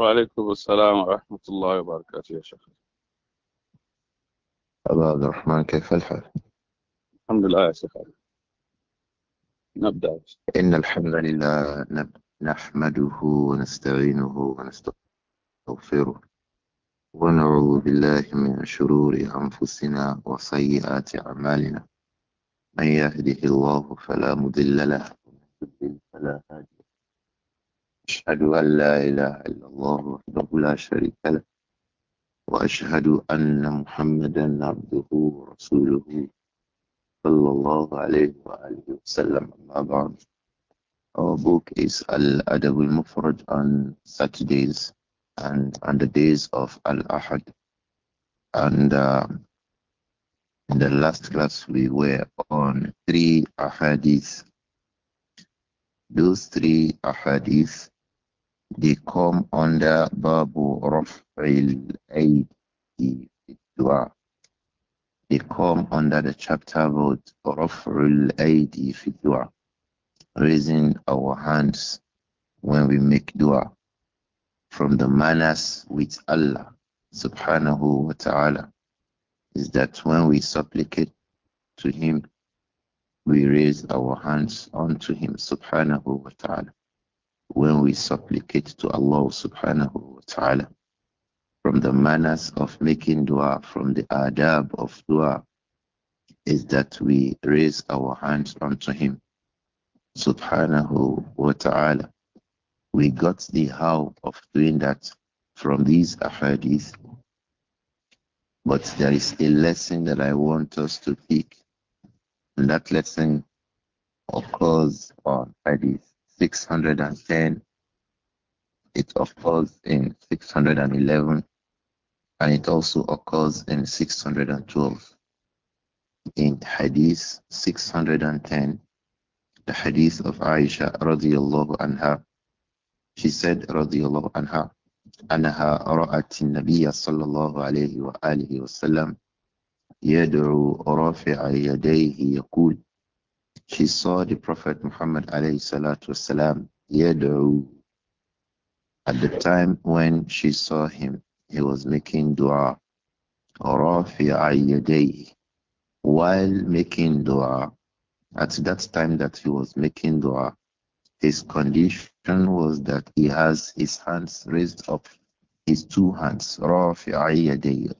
وعليكم السلام ورحمة الله وبركاته يا شيخ أبا عبد الرحمن كيف الحال؟ الحمد لله يا شيخ نبدأ إن الحمد لله نحمده ونستعينه ونستغفره ونعوذ بالله من شرور أنفسنا وسيئات أعمالنا من يهده الله فلا مضل له ومن يضلل فلا هادي أشهد أن لا إله إلا الله وحده لا شريك له وأشهد أن محمدا عبده ورسوله صلى الله عليه وآله وسلم أما بعد Our book is Al-Adab al-Mufrad on Saturdays and on the days of Al-Ahad. And uh, in the last class we were on three ahadith. Those three ahadith they come under Babu Raf'il Dua. They come under the chapter about Raf'il Aidi Dua, raising our hands when we make dua from the manners with Allah subhanahu wa ta'ala is that when we supplicate to him we raise our hands unto him subhanahu wa ta'ala when we supplicate to Allah subhanahu wa ta'ala. From the manners of making dua, from the adab of dua, is that we raise our hands unto Him subhanahu wa ta'ala. We got the how of doing that from these ahadith. But there is a lesson that I want us to take, and that lesson occurs on hadith 610. It occurs in 611 and it also occurs in 612. In Hadith 610, the Hadith of Aisha radiallahu anha, she said radiallahu anha, أنها رأت النبي صلى الله عليه وآله وسلم يدعو رافع يديه يقول she saw the Prophet Muhammad والسلام, yadu. at the time when she saw him, he was making dua. While making dua, at that time that he was making dua, his condition was that he has his hands raised up, his two hands. رَافِعَ يَدَيْهِ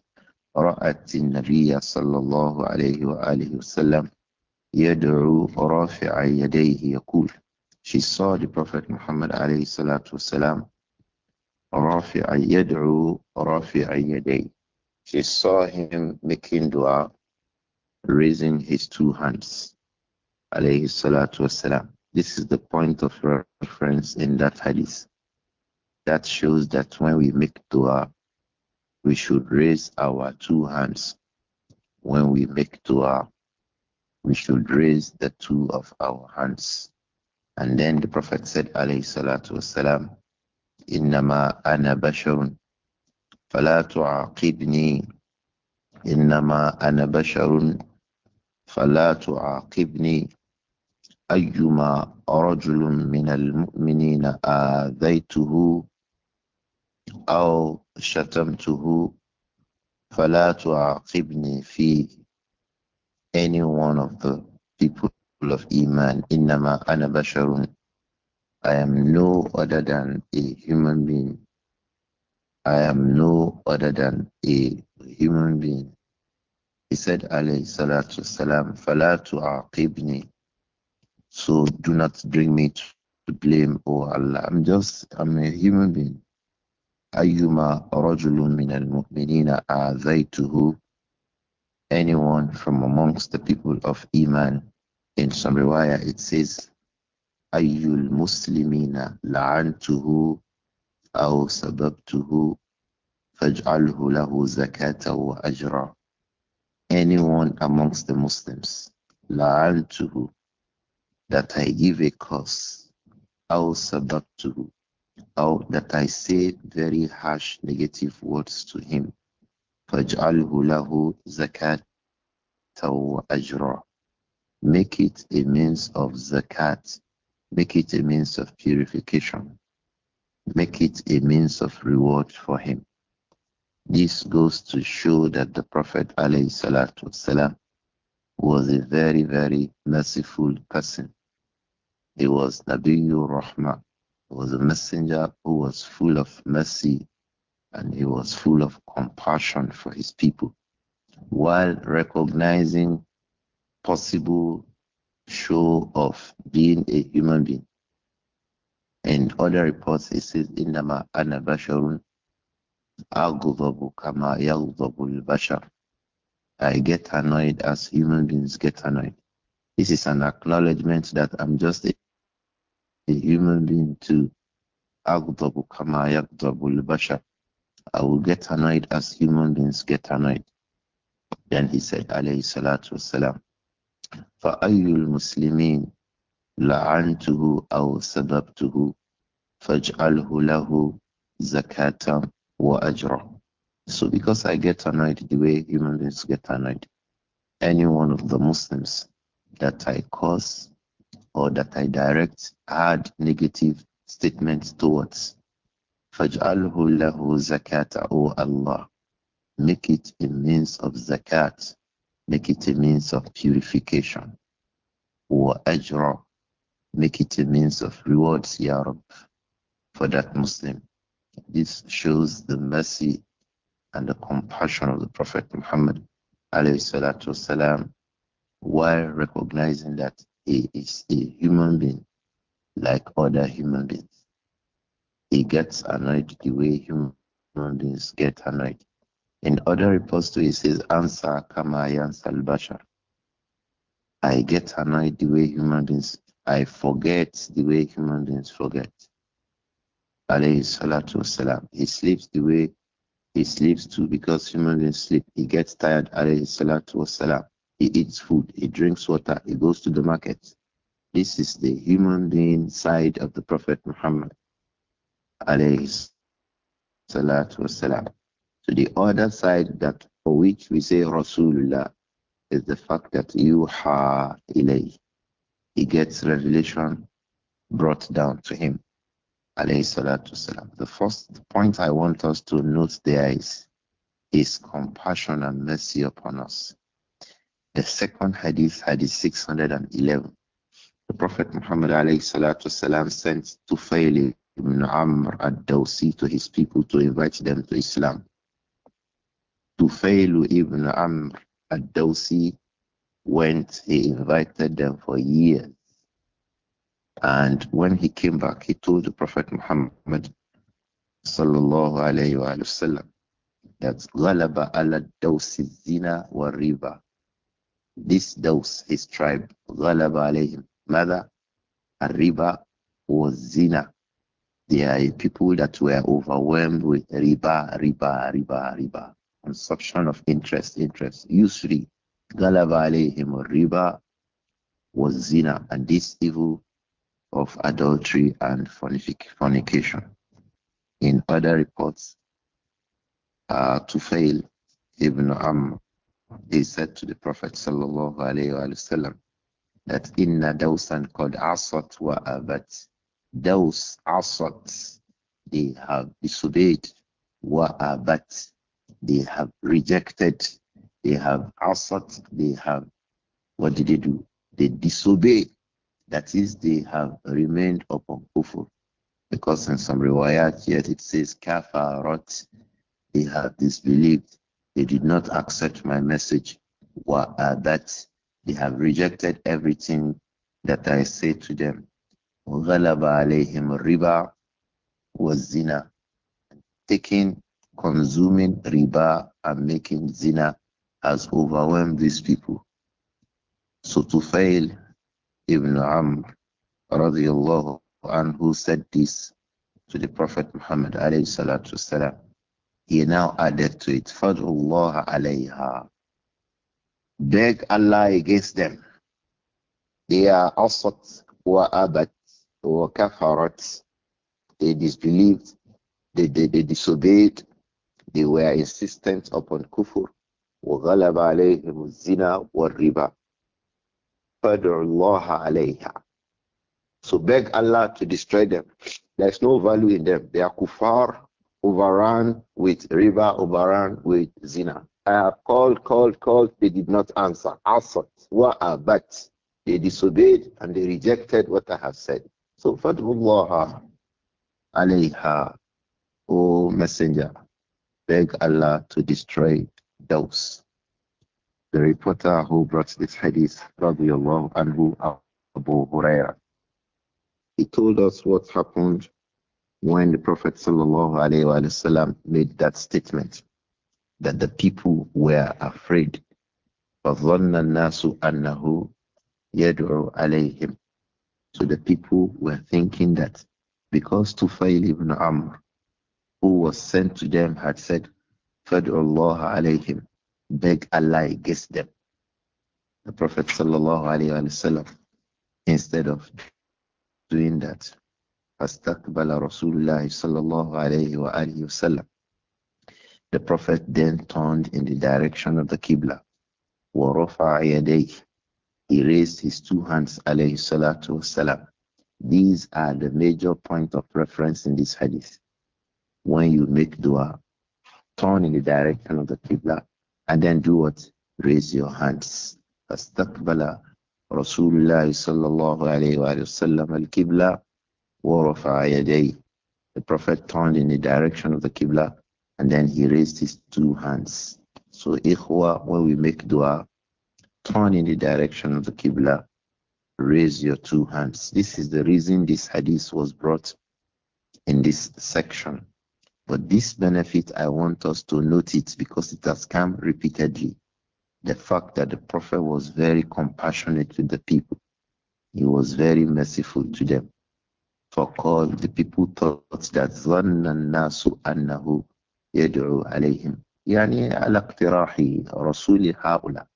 رَأَتِ النَّبِيَّ صَلَّى اللَّهُ عَلَيْهِ وَآلِهِ وَسَلَّمَ يدعو رافعا يديه يقول She saw the Prophet Muhammad alayhi salatu والسلام رافعا يدعو رافعا يديه She saw him making dua raising his two hands alayhi salatu والسلام This is the point of reference in that hadith. That shows that when we make dua, we should raise our two hands when we make dua we should raise the two of our hands. And then the Prophet said, alayhi salatu wasalam, innama ana basharun falatu aqibni innama ana basharun falatu aqibni ayyuma rajulun min al-mu'minina aadaytuhu aw shatamtuhu falatu aqibni fihi any one of the people of Iman. Innama ana basharun. I am no other than a human being. I am no other than a human being. He said, alayhi salatu salam, our aqibni. So do not bring me to, to blame, O oh Allah. I'm just, I'm a human being. أيما رجل من المؤمنين آذيته anyone from amongst the people of Iman. In some riwayah it says, Ayyul Muslimina la'antuhu aw sababtuhu faj'alhu lahu zakata wa ajra. Anyone amongst the Muslims, la'antuhu, that I give a curse, aw sababtuhu, aw that I say very harsh negative words to him, فَاجْعَلْهُ لَهُ زَكَاةً وَأَجْرًا Make it a means of zakat. Make it a means of purification. Make it a means of reward for him. This goes to show that the Prophet والسلام, was a very, very merciful person. He was Nabiyur Rahma, was a messenger who was full of mercy and he was full of compassion for his people while recognizing possible show of being a human being. In other reports, it says, Indama ana basharun kama bashar. I get annoyed as human beings get annoyed. This is an acknowledgement that I'm just a, a human being too. Agudabu kama bashar. I will get annoyed as human beings get annoyed. Then he said, alayhi salatu wasalam, فَأَيُّ الْمُسْلِمِينَ لَعَنْتُهُ أَوْ سَبَبْتُهُ فَاجْعَلْهُ لَهُ wa وَأَجْرًا So because I get annoyed the way human beings get annoyed, any one of the Muslims that I cause or that I direct hard negative statements towards, لَهُ O Allah, make it a means of zakat, make it a means of purification. Or make it a means of rewards, Ya for that Muslim. This shows the mercy and the compassion of the Prophet Muhammad والسلام, while recognizing that he is a human being like other human beings he gets annoyed the way human beings get annoyed. In other reports to he says, Answer Kama Yansal Bashar. I get annoyed the way human beings, I forget the way human beings forget. Alayhi salatu wasalam. He sleeps the way he sleeps too because human beings sleep. He gets tired, alayhi salatu wasalam. He eats food, he drinks water, he goes to the market. This is the human being side of the Prophet Muhammad alayhi salatu So the other side that for which we say Rasulullah is the fact that yuha ilayhi. He gets revelation brought down to him. Alayhi salatu wasalam. The first point I want us to note there is his compassion and mercy upon us. The second hadith, hadith 611. The Prophet Muhammad alayhi salatu salam sent to Tufayli ibn Amr ad-Dawsi to his people to invite them to Islam. Tufailu ibn Amr ad-Dawsi went, he invited them for years. And when he came back, he told the Prophet Muhammad sallallahu alayhi wa sallam that Ghalaba ala dawsi zina wa riba. This daws, his tribe, Ghalaba alayhim. Mother, riba was zina. There are people that were overwhelmed with riba, riba, riba, riba, consumption of interest, interest. Usually, Galava alayhim riba was zina, and this evil of adultery and fornication. In other reports, uh, fail ibn Amr, he said to the Prophet sallallahu alayhi wa sallam that inna dawsan qad asat wa abat those assaults they have disobeyed, uh, that? they have rejected, they have asat, they have, what did they do? They disobey. That is, they have remained upon kufr. Because in some riwayat yet it says kafarot. they have disbelieved, they did not accept my message, uh, that? they have rejected everything that I say to them غلب عليهم الربا والزنا taking consuming riba and making zina has overwhelmed these people so to Tufail ibn Amr radiallahu anhu said this to the Prophet Muhammad alayhi salatu wasalam. He now added to it, Fadullah alayha. Beg Allah against them. They are asat wa abat. وَكَفَرَتْ They disbelieved, they, they, they disobeyed, they were insistent upon kufr. وَغَلَبَ عَلَيْهِمُ الزِّنَا وَالرِّبَى فَادْعُ اللَّهَ عَلَيْهَا So beg Allah to destroy them. There is no value in them. They are kuffar, overrun with riba, overrun with zina. I have called, called, called. They did not answer. Asat, wa'abat. They disobeyed and they rejected what I have said. So Allah alayha, O Messenger, beg Allah to destroy those. The reporter who brought this hadith, radiallahu anhu, Abu Huraira, he told us what happened when the Prophet وسلم, made that statement that the people were afraid. فَظَنَّ النَّاسُ أَنَّهُ يَدْعُو عَلَيْهِمْ so the people were thinking that because Tufail ibn Amr, who was sent to them, had said, Allah alayhim, beg Allah against them. The Prophet sallallahu alayhi instead of doing that, Astaqbala Rasulullah sallallahu alayhi wa alihi wasallam. The Prophet then turned in the direction of the Qibla. وَرَفَعَ يَدَيْهِ he raised his two hands, alayhi salatu salam. These are the major point of reference in this hadith. When you make dua, turn in the direction of the Qibla and then do what? Raise your hands. Astaqbala Rasulullah sallallahu alayhi wa sallam al-Qibla wa rafa'a The Prophet turned in the direction of the Qibla and then he raised his two hands. So ikhwa, when we make dua, turn in the direction of the Qibla, raise your two hands. This is the reason this hadith was brought in this section. But this benefit, I want us to note it because it has come repeatedly. The fact that the Prophet was very compassionate with the people, he was very merciful to them. For all the people thought that ظَنَّ النَّاسُ أَنَّهُ يَدْعُو alayhim. Yani على اقتراح رسول هؤلاء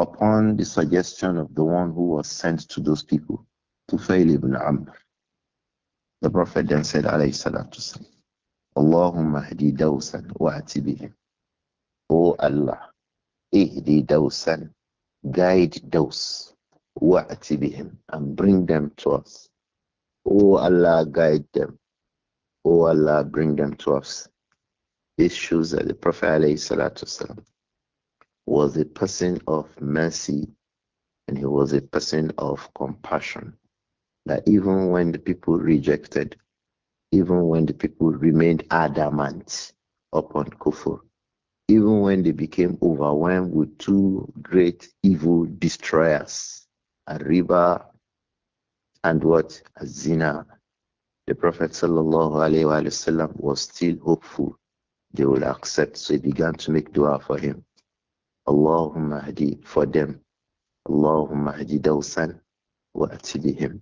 upon the suggestion of the one who was sent to those people, to fail ibn Amr. The Prophet then said, alayhi salatu Allahumma hadi dawsan wa atibihim. O Allah, ihdi dawsan, guide those wa atibihim, and bring them to us. O Allah, guide them. O Allah, bring them to us. These shoes that the Prophet alayhi salatu wasalam, was a person of mercy and he was a person of compassion. That even when the people rejected, even when the people remained adamant upon Kufur, even when they became overwhelmed with two great evil destroyers, Ariba and what? Azina. The Prophet وسلم, was still hopeful they will accept. So he began to make dua for him. Allahumma hadi for them. Allahumma hadi Dawsan wa atibihim.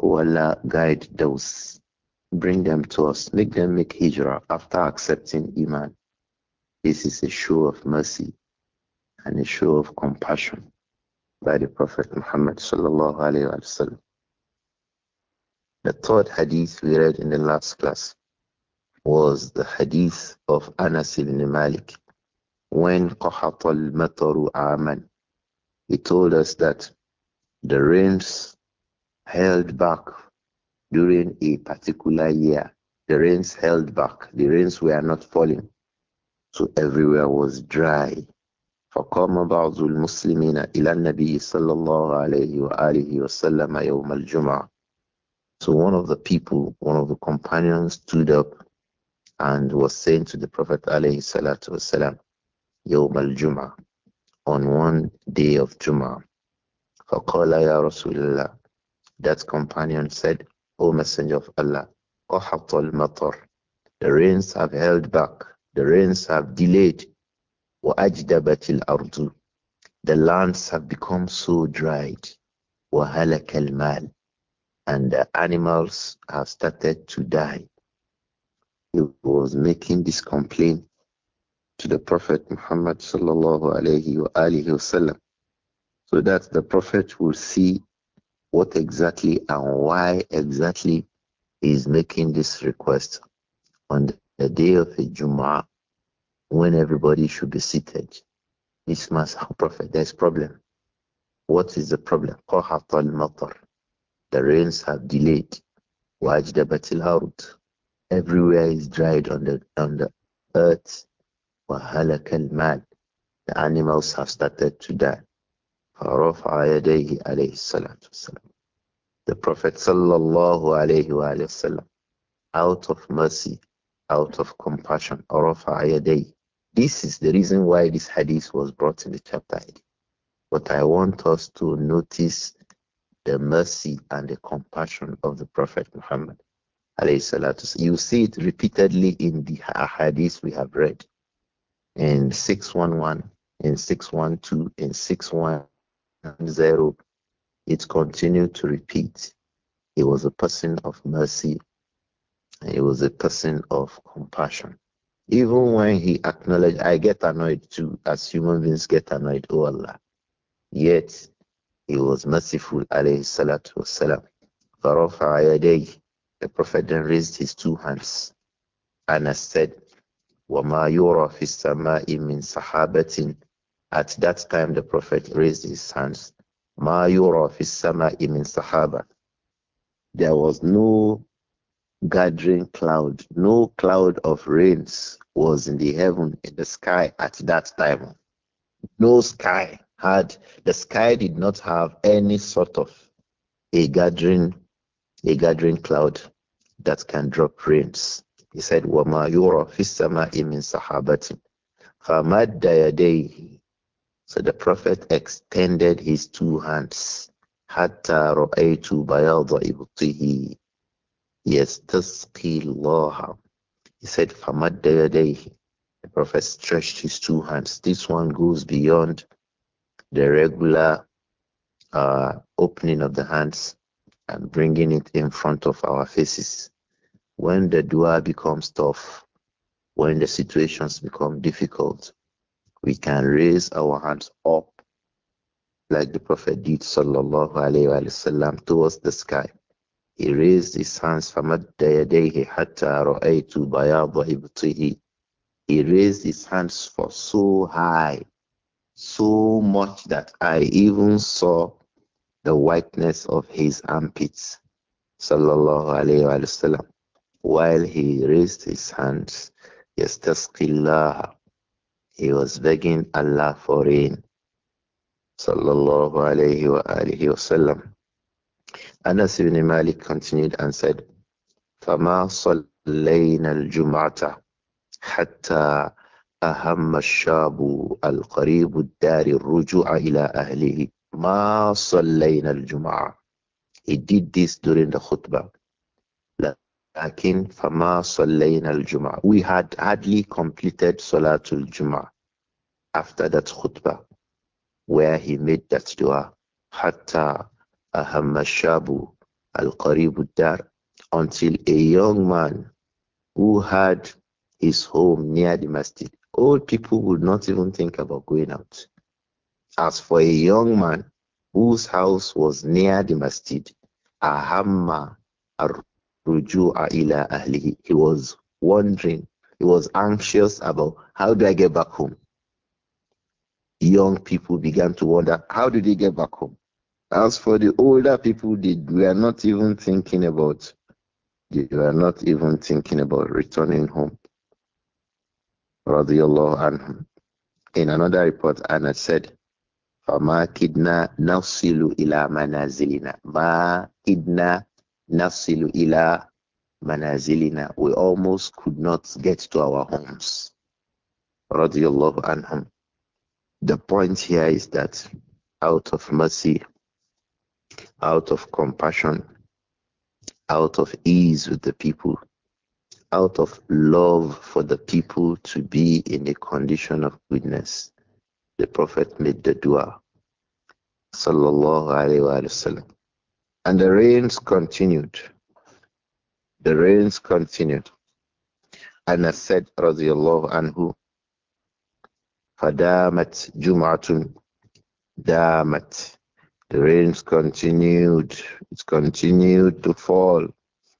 O Allah, guide those. Bring them to us. Make them make hijrah after accepting Iman. This is a show of mercy and a show of compassion by the Prophet Muhammad sallallahu alaihi wasallam. The third hadith we read in the last class was the hadith of Anas ibn Malik when قحط المطر Aman, he told us that the rains held back during a particular year the rains held back the rains were not falling so everywhere was dry فقام بعض المسلمين إلى النبي صلى الله عليه وآله وسلم يوم الجمعة So one of the people, one of the companions stood up and was saying to the Prophet alayhi يوم الجمعة on one day of Juma. فقال يا رسول الله That companion said, O Messenger of Allah, قحط المطر The rains have held back. The rains have delayed. وأجدبت الأرض The lands have become so dried. وهلك المال And the animals have started to die. He was making this complaint to the Prophet Muhammad sallallahu alayhi wa alihi wasallam so that the Prophet will see what exactly and why exactly he is making this request on the day of the Jum'ah when everybody should be seated. This must Prophet, there's problem. What is the problem? The rains have delayed. Wajdabatil Harut. Everywhere is dried on the on the earth. وَهَلَكَ الْمَالِ The animals have started to die. فَرَفَعَ يَدَيْهِ عَلَيْهِ الصَّلَاةُ وَالسَّلَامُ The Prophet sallallahu alayhi وسلم, out of mercy, out of compassion, رَفَعَ يَدَيْهِ This is the reason why this hadith was brought in the chapter ID. But I want us to notice the mercy and the compassion of the Prophet Muhammad. You see it repeatedly in the hadith we have read in 611, in 612, in 610. It continued to repeat. He was a person of mercy. He was a person of compassion. Even when he acknowledged, I get annoyed too, as human beings get annoyed, oh Allah. Yet he was merciful, alayhi salatu wasalam. The Prophet then raised his two hands. and said, وَمَا yura فِي السَّمَاءِ imin sahabatin. At that time the Prophet raised his hands. Ma yura فِي السَّمَاءِ imin sahaba. There was no gathering cloud, no cloud of rains was in the heaven, in the sky at that time. No sky had, the sky did not have any sort of a gathering, a gathering cloud that can drop rains. He said, وَمَا يُرَى فِي السَّمَاءِ مِنْ سَحَابَةٍ فَمَدَّ يَدَيْهِ So the Prophet extended his two hands. حَتَّى رَأَيْتُ بَيَاضَ إِبْطِهِ يَسْتَسْقِي اللَّهَ He said, فَمَدَّ يَدَيْهِ The Prophet stretched his two hands. This one goes beyond the regular uh, opening of the hands and bringing it in front of our faces. When the dua becomes tough, when the situations become difficult, we can raise our hands up like the Prophet did sallallahu alayhi wa sallam towards the sky. He raised his hands فَمَدَّ يَدَيْهِ حَتَّى رَأَيْتُ بَيَاضَ إِبْطِهِ He raised his hands for so high, so much that I even saw the whiteness of his armpits. Sallallahu alayhi wa sallam while he raised his hands, Yastasqillah, he was begging Allah for rain. Sallallahu alayhi wa alihi wasallam. Anas ibn Malik continued and said, فما صلينا الجمعة حتى أهم الشاب القريب الدار الرجوع إلى أهله ما صلينا الجمعة He did this during the khutbah Akin Fama al We had hardly completed Salatul Juma after that khutbah, where he made that dua, Hatta Ahamma Shabu al Qaribudar, until a young man who had his home near the masjid. Old people would not even think about going out. As for a young man whose house was near the masjid, Ahamma al ruju'a ila ahlihi. He was wondering, he was anxious about how do I get back home? Young people began to wonder, how did they get back home? As for the older people, they were not even thinking about they were not even thinking about returning home. Radiallahu anhum. In another report, Anna said, فَمَا kidna نَوْصِلُ ila manazilina, ma kidna." nasilu ila manazilina. We almost could not get to our homes. Radiallahu anhum. The point here is that out of mercy, out of compassion, out of ease with the people, out of love for the people to be in a condition of goodness, the Prophet made the dua. Sallallahu wa and the rains continued. The rains continued. And I said, radiallahu anhu, فدامت jumatun, dhamat. the rains continued it continued to fall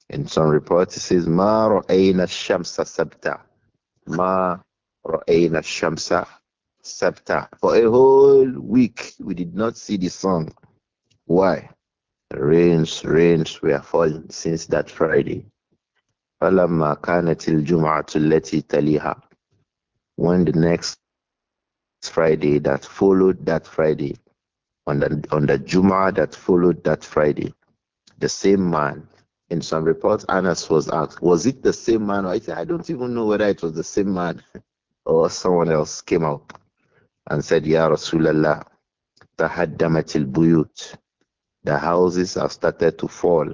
in some reports it says ما رأينا shamsa سبتا ما aina shamsa sabta. for a whole week we did not see the sun why rains, rains were falling since that Friday. When the next Friday that followed that Friday, on the, on the Juma that followed that Friday, the same man, in some reports, Anas was asked, was it the same man? I said, I don't even know whether it was the same man or someone else came out and said, Ya Rasulallah, تهدمت buyut.'" The houses have started to fall.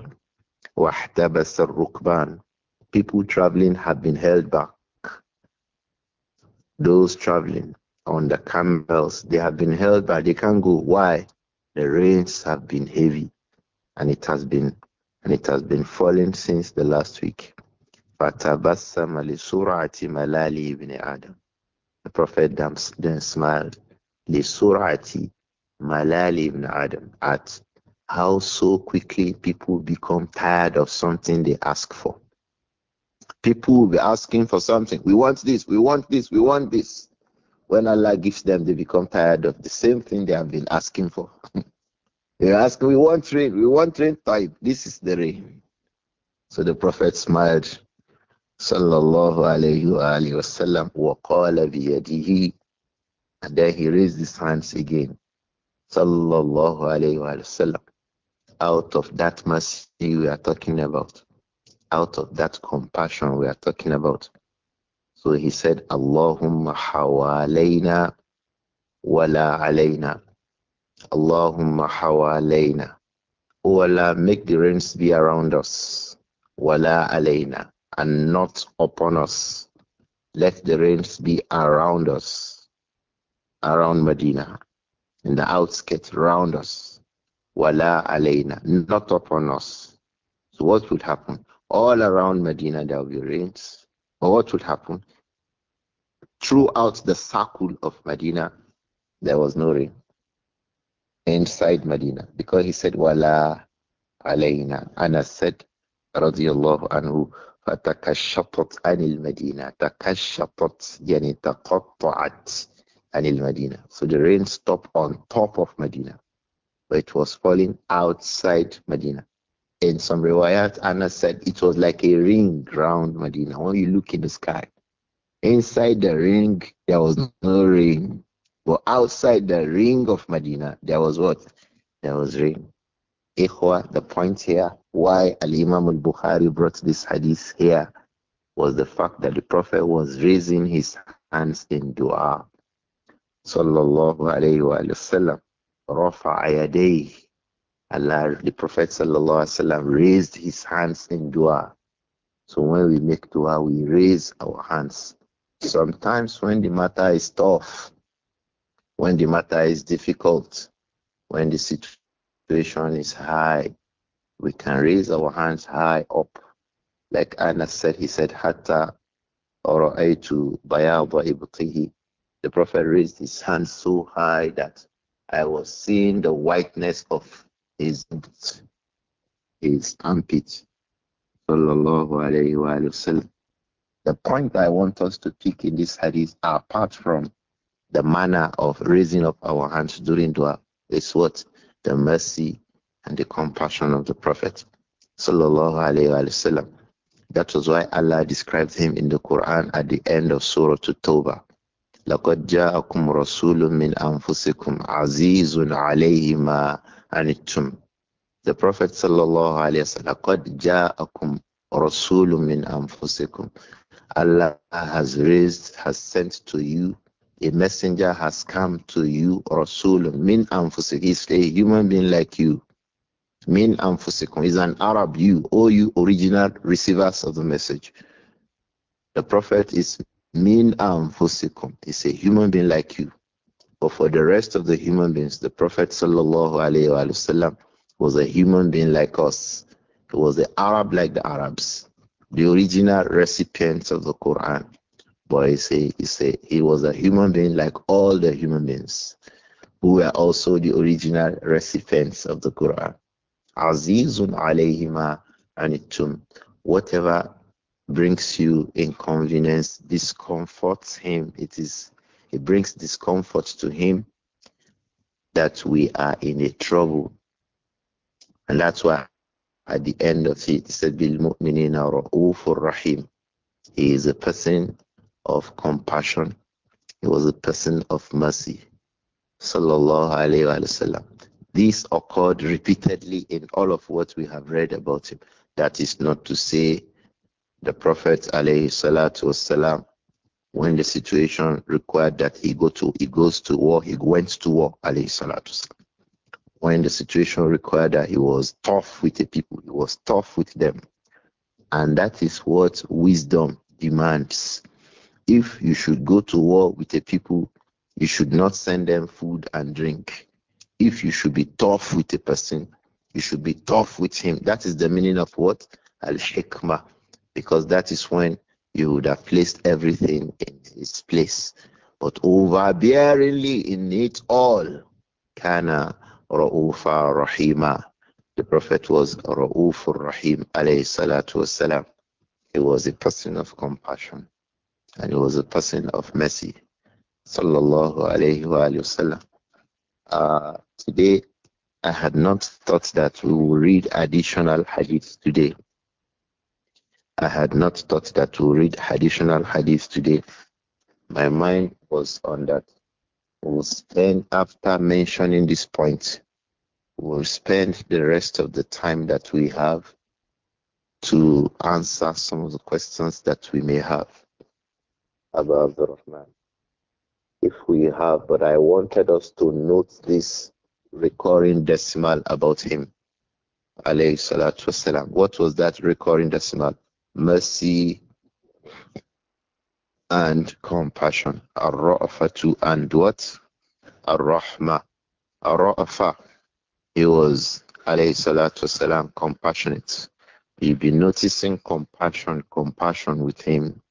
People traveling have been held back. Those traveling on the camels, they have been held back. They can't go. Why? The rains have been heavy and it has been and it has been falling since the last week. ibn Adam. The Prophet then smiled. لِسُرْعَةِ Malali ibn Adam at how so quickly people become tired of something they ask for. People will be asking for something. We want this, we want this, we want this. When Allah gives them, they become tired of the same thing they have been asking for. they ask, we want rain, we want rain type. This is the rain. So the Prophet smiled. Sallallahu alayhi wa alayhi wa sallam. biyadihi. And then he raised his hands again. Sallallahu alayhi wa sallam out of that mercy we are talking about, out of that compassion we are talking about. So he said, Allahumma hawalayna wala alayna. Allahumma hawalayna. O Allah, make the rains be around us. Wala alayna. And not upon us. Let the rains be around us. Around Medina. In the outskirts, around us wala alayna, not upon us. So what would happen? All around Medina there will be rains. But what would happen? Throughout the circle of Medina, there was no rain. Inside Medina, because he said wala alayna. I said, radiyallahu anhu, فتكشطت عن المدينة تكشطت يعني تقطعت عن المدينة so the rain stopped on top of Medina but it was falling outside Medina. and some rewired Anna said it was like a ring around Medina. When you look in the sky, inside the ring there was no ring, but outside the ring of Medina there was what? There was ring. Ikhwa, the point here why Al Imam Al Bukhari brought this hadith here was the fact that the Prophet was raising his hands in dua. Sallallahu alayhi wa sallam. Rafa Ayadeh. Allah, the Prophet wasallam raised his hands in dua. So when we make dua, we raise our hands. Sometimes when the matter is tough, when the matter is difficult, when the situation is high, we can raise our hands high up. Like Anna said, he said, Hatta or to Bayaba The Prophet raised his hands so high that I was seeing the whiteness of his his armpit. the point I want us to pick in this hadith, apart from the manner of raising up our hands during dua, is what the mercy and the compassion of the Prophet. Sallallahu alayhi that was why Allah described him in the Quran at the end of Surah At-Tawbah. لقد جاءكم رسول من أنفسكم عزيز عليه ما أنتم The Prophet sallallahu alayhi wa sallam لقد جاءكم رسول من أنفسكم Allah has raised, has sent to you a messenger has come to you, Rasul min anfusikum. He's a human being like you. Min anfusikum is an Arab you, all you original receivers of the message. The Prophet is Min anfusikum is a human being like you. But for the rest of the human beings, the Prophet wasallam was a human being like us. He was the Arab like the Arabs, the original recipients of the Quran. But he say, he say he was a human being like all the human beings who were also the original recipients of the Quran. Azizun alayhima anitum. Whatever brings you inconvenience, discomforts him. It is it brings discomfort to him that we are in a trouble. And that's why at the end of it, he said Bil Rahim. He is a person of compassion. He was a person of mercy. Sallallahu alayhi Wasallam. this occurred repeatedly in all of what we have read about him. That is not to say the Prophet والسلام, when the situation required that he go to he goes to war, he went to war, When the situation required that he was tough with the people, he was tough with them. And that is what wisdom demands. If you should go to war with the people, you should not send them food and drink. If you should be tough with a person, you should be tough with him. That is the meaning of what? Al hikmah because that is when you would have placed everything in its place. But overbearingly in it all, Kana Ra'ufa Rahima. The Prophet was Ra'ufur Rahim alayhi salatu wasalam. He was a person of compassion and he was a person of mercy. Sallallahu alayhi wa, alayhi wasallam. uh, today, I had not thought that we will read additional hadiths today. I had not thought that to read additional hadith today. My mind was on that. We'll spend, after mentioning this point, we'll spend the rest of the time that we have to answer some of the questions that we may have about the Rahman. If we have, but I wanted us to note this recurring decimal about him. Alayhi salatu wasalam. What was that recurring decimal? mercy, and compassion. Ar-Ra'afatu and what? Ar-Rahma. Ar-Ra'afa. He was, alayhi salatu wasalam, compassionate. you have been noticing compassion, compassion with him.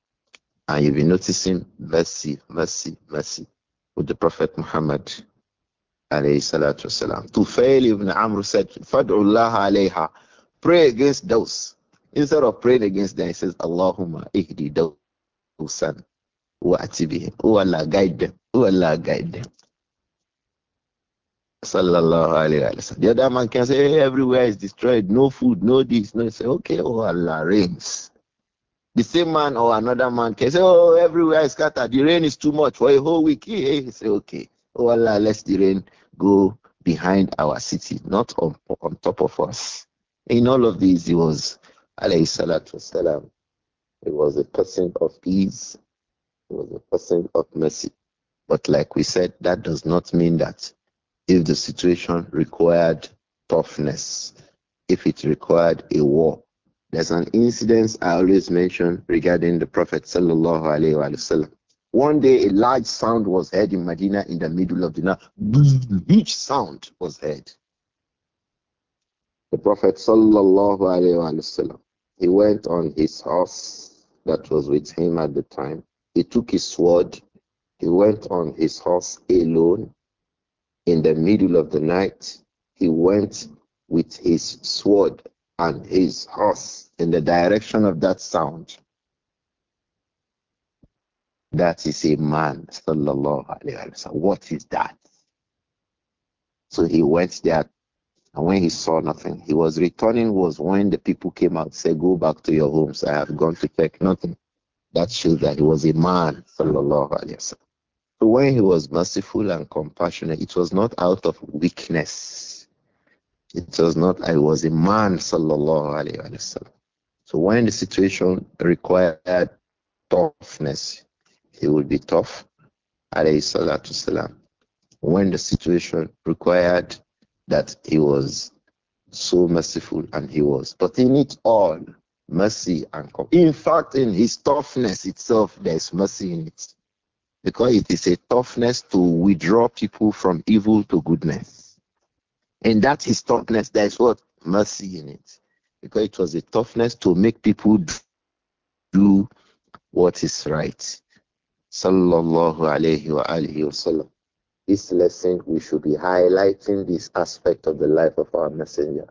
And you have been noticing mercy, mercy, mercy with the Prophet Muhammad, alayhi salatu wasalam. Tufail ibn Amr said, Fad'ullah alayha. Pray against those Instead of praying against them, he says, Allahumma ihdi dawsan wa atibihim. Oh Allah, guide them. Oh Allah, guide them. Sallallahu alayhi wa sallam. The other man can say, hey, everywhere is destroyed. No food, no this, no. Say, okay, oh Allah, rains. The same man or another man can say, oh, everywhere is scattered. The rain is too much for a whole week. He say, okay, oh Allah, let the rain go behind our city, not on, on top of us. In all of these, he was alayhi salatu wasalam. He was a person of peace. He was a person of mercy. But like we said, that does not mean that if the situation required toughness, if it required a war. There's an incident I always mention regarding the Prophet sallallahu alaihi wasallam. One day, a large sound was heard in Medina in the middle of the night. Huge sound was heard. The Prophet sallallahu alaihi wasallam he went on his horse that was with him at the time. He took his sword. He went on his horse alone. In the middle of the night, he went with his sword and his horse in the direction of that sound. That is a man, sallallahu What is that? So he went there and when he saw nothing, he was returning was when the people came out said, Go back to your homes. I have gone to take nothing. That shows that he was a man, sallallahu alayhi wasallam. So when he was merciful and compassionate, it was not out of weakness. It was not, I was a man, sallallahu alayhi wasallam. So when the situation required toughness, he would be tough, alayhi salatu salam. When the situation required that he was so merciful and he was. But in it all, mercy and compassion. In fact, in his toughness itself, there's mercy in it. Because it is a toughness to withdraw people from evil to goodness. And that his toughness, there's what? Mercy in it. Because it was a toughness to make people do what is right. Sallallahu alayhi wa wa sallam this lesson, we should be highlighting this aspect of the life of our messenger,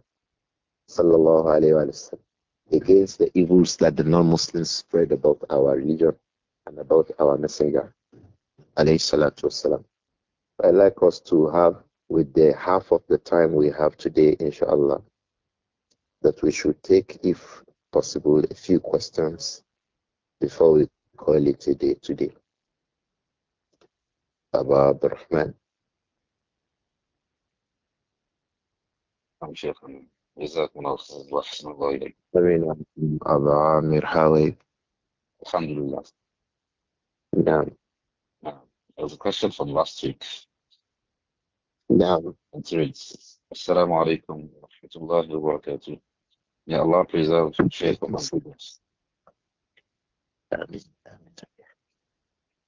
against the evils that the non-Muslims spread about our religion and about our messenger, I'd like us to have, with the half of the time we have today, inshallah, that we should take, if possible, a few questions before we call it a day today. Abu Abdurrahman. نعم شيخنا جزاكم الله خير الله حسن الله إليك أمين أبا عامر حاوي الحمد لله نعم نعم There was a question from last week نعم It reads السلام عليكم ورحمة الله وبركاته May Allah preserve Shaykh Mahmoud Ameen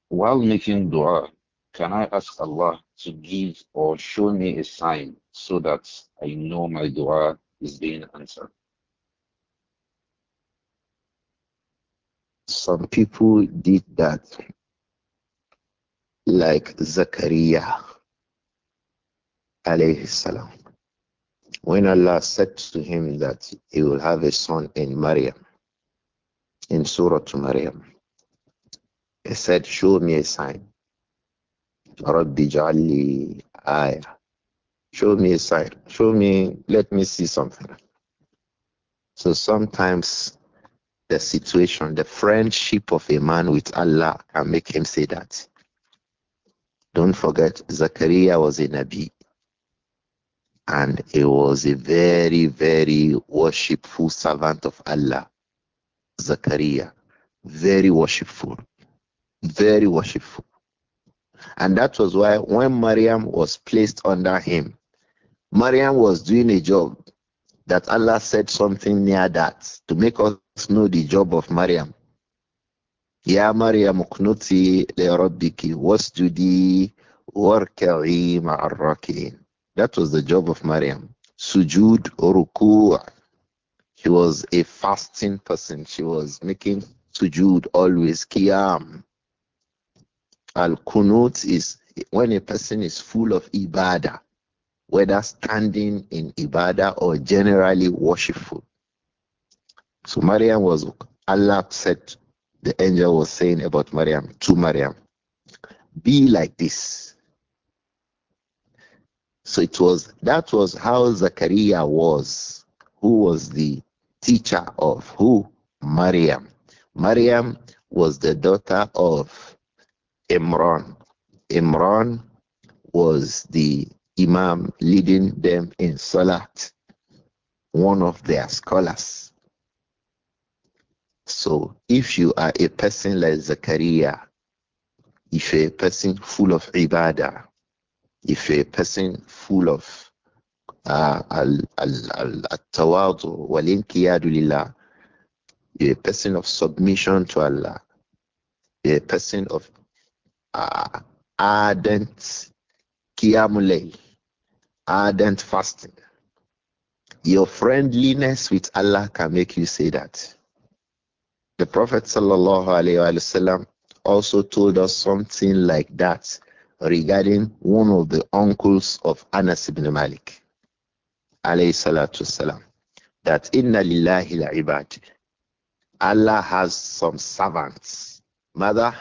While making dua can I ask Allah to give or show me a sign so that I know my dua is being answered? Some people did that, like Zakaria alayhi salam. When Allah said to him that he will have a son in Maryam, in Surah to Maryam, he said, Show me a sign. Rabbi Jali Aya. Show me a sign. Show me, let me see something. So sometimes the situation, the friendship of a man with Allah can make him say that. Don't forget, Zachariah was a Nabi and he was a very, very worshipful servant of Allah. Zachariah, very worshipful, very worshipful. And that was why when Maryam was placed under him, Maryam was doing a job that Allah said something near that to make us know the job of Maryam. Ya Maryam uknuti li rabbiki wasjudi warka'i ma'arrakin. That was the job of Maryam. Sujud ruku'. She was a fasting person. She was making sujud always qiyam. Al kunut is when a person is full of ibadah, whether standing in ibadah or generally worshipful. So Maryam was Allah said the angel was saying about Maryam to Maryam, be like this. So it was that was how Zachariah was, who was the teacher of who? Maryam. Maryam was the daughter of Imran. Imran was the Imam leading them in Salat, one of their scholars. So if you are a person like Zakaria, if a person full of ibadah, if a person full of al-tawadu uh, lillah, a person of submission to Allah, a person of uh, ardent qiyamulail, ardent fasting. Your friendliness with Allah can make you say that. The Prophet wasallam also told us something like that regarding one of the uncles of Anas ibn Malik, alayhi salatu wasalam, that inna lillahi al-ibad. Allah has some servants. Mother,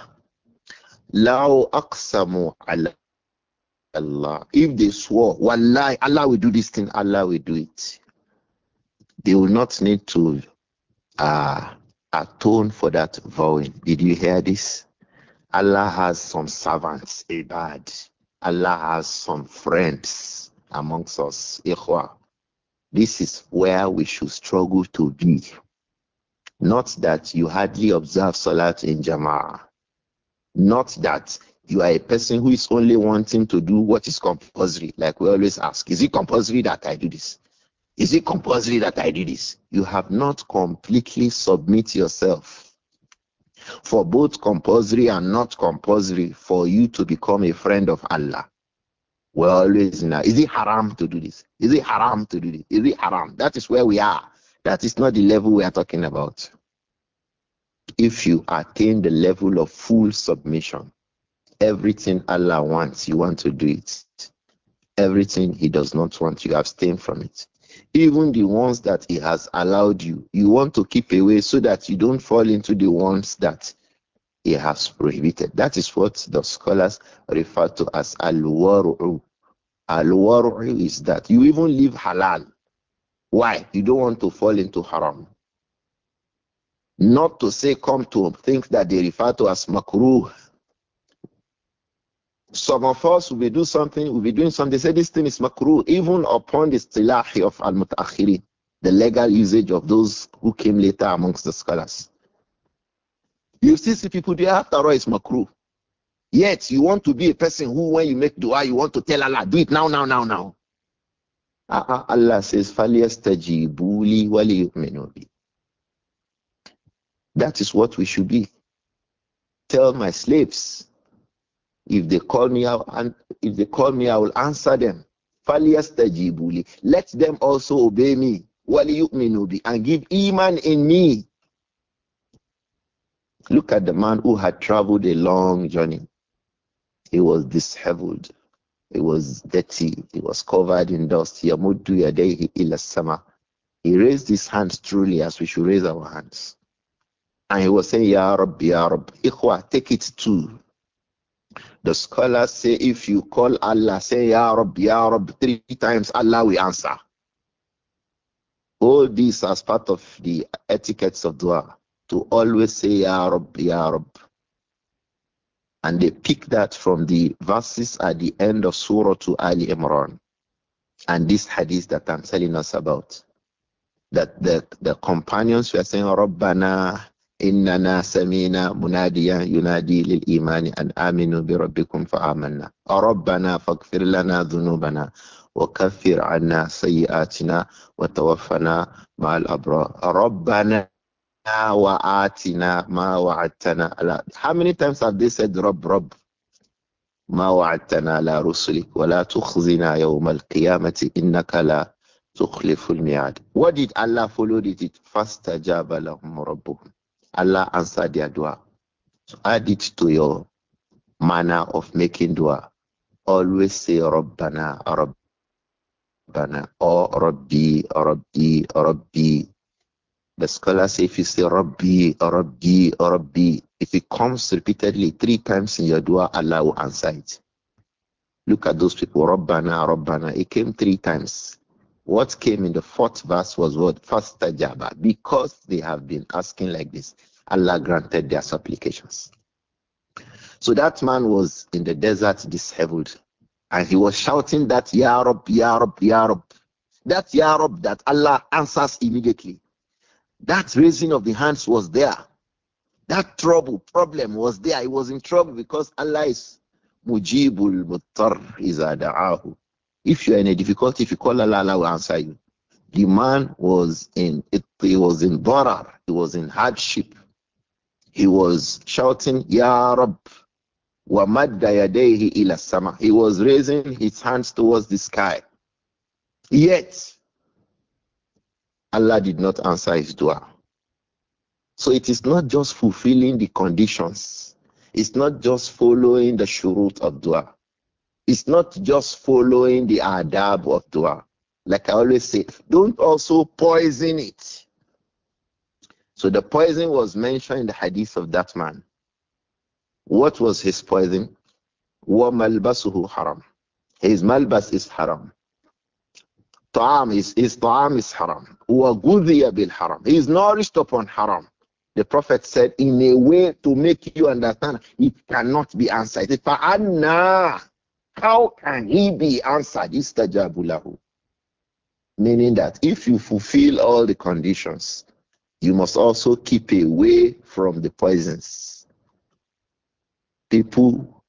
Lao aqsamu ala Allah. If they swore, Wallahi, Allah will do this thing, Allah will do it. They will not need to uh, atone for that vowing. Did you hear this? Allah has some servants, Ibad. Allah has some friends amongst us, Ikhwa. This is where we should struggle to be. Not that you hardly observe Salat in Jama'ah not that you are a person who is only wanting to do what is compulsory, like we always ask. Is it compulsory that I do this? Is it compulsory that I do this? You have not completely submit yourself for both compulsory and not compulsory for you to become a friend of Allah. we always now. Is it haram to do this? Is it haram to do this? Is it haram? That is where we are. That is not the level we are talking about if you attain the level of full submission, everything Allah wants, you want to do it. Everything He does not want, you abstain from it. Even the ones that He has allowed you, you want to keep away so that you don't fall into the ones that He has prohibited. That is what the scholars refer to as al waru al waru is that you even leave halal. Why? You don't want to fall into haram. Not to say come to things that they refer to as makruh. Some of us will be doing something, will be doing something, say this thing is makruh, even upon the stilahi of al mutakhirin the legal usage of those who came later amongst the scholars. You see, see people there after all is makruh. Yet you want to be a person who, when you make dua, you want to tell Allah, do it now, now, now, now. uh Allah says, فَلْيَسْتَجِيبُوا لِي وَلِيُؤْمِنُوا بِي that is what we should be. Tell my slaves, if they call me out and if they call me, I will answer them. Let them also obey me. And give iman in me. Look at the man who had traveled a long journey. He was disheveled. He was dirty. He was covered in dust. He raised his hands truly as we should raise our hands. And he was saying, Ya Rabbi, Ya Rabbi. Ikhwa, take it too. The scholars say, if you call Allah, say, Ya Rabbi, Ya Rabbi, three times, Allah will answer. All these as part of the etiquettes of dua, to always say, Ya Rabbi, Ya Rabbi. And they pick that from the verses at the end of Surah to Ali Imran. And this hadith that I'm telling us about. That the, the companions were saying, Rabbana إننا سمينا مناديا ينادي للإيمان أن آمنوا بربكم فآمنا ربنا فاغفر لنا ذنوبنا وكفر عنا سيئاتنا وتوفنا مع الأبرار ربنا وآتنا ما وعدتنا على How many times have they said رب رب ما وعدتنا على رسلك ولا تخزنا يوم القيامة إنك لا تخلف الميعاد What did Allah follow it? فاستجاب لهم ربهم Allah answered their dua. So add it to your manner of making dua. Always say Rabbana, Rabbana, or Rabbi, Rabbi, Rabbi. The scholar say if you say Rabbi, Rabbi, Rabbi, if it comes repeatedly three times in your dua, Allah will answer it. Look at those people, Rabbana, Rabbana. It came three times. What came in the fourth verse was what? First jabba Because they have been asking like this, Allah granted their supplications. So that man was in the desert disheveled. And he was shouting that Ya Rab, Ya That Ya that Allah answers immediately. That raising of the hands was there. That trouble, problem was there. He was in trouble because Allah is Mujibul Muttar Izadahu. If you are in a difficulty, if you call Allah, Allah will answer you. The man was in it, he was in barar, he was in hardship. He was shouting, Ya Rab, wa madda ila sama. He was raising his hands towards the sky. Yet, Allah did not answer his dua. So it is not just fulfilling the conditions. It's not just following the shurut of dua. It's not just following the adab of dua. Like I always say, don't also poison it. So the poison was mentioned in the hadith of that man. What was his poison? وَمَلْبَسُهُ haram. His malbas is haram. Ta'am is, his ta'am is haram. وَغُذِيَ haram. He is nourished upon haram. The Prophet said in a way to make you understand it cannot be answered. فَأَنَّا how can he be answered? Jabulahu? Meaning that if you fulfill all the conditions, you must also keep away from the poisons. People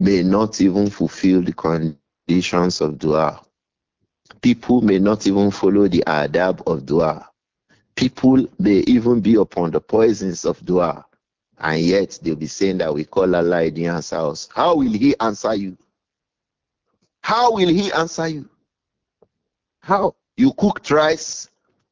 may not even fulfill the conditions of dua. People may not even follow the adab of dua. People may even be upon the poisons of dua. And yet they'll be saying that we call Allah in the answer us. How will he answer you? How will he answer you? How? You cooked rice,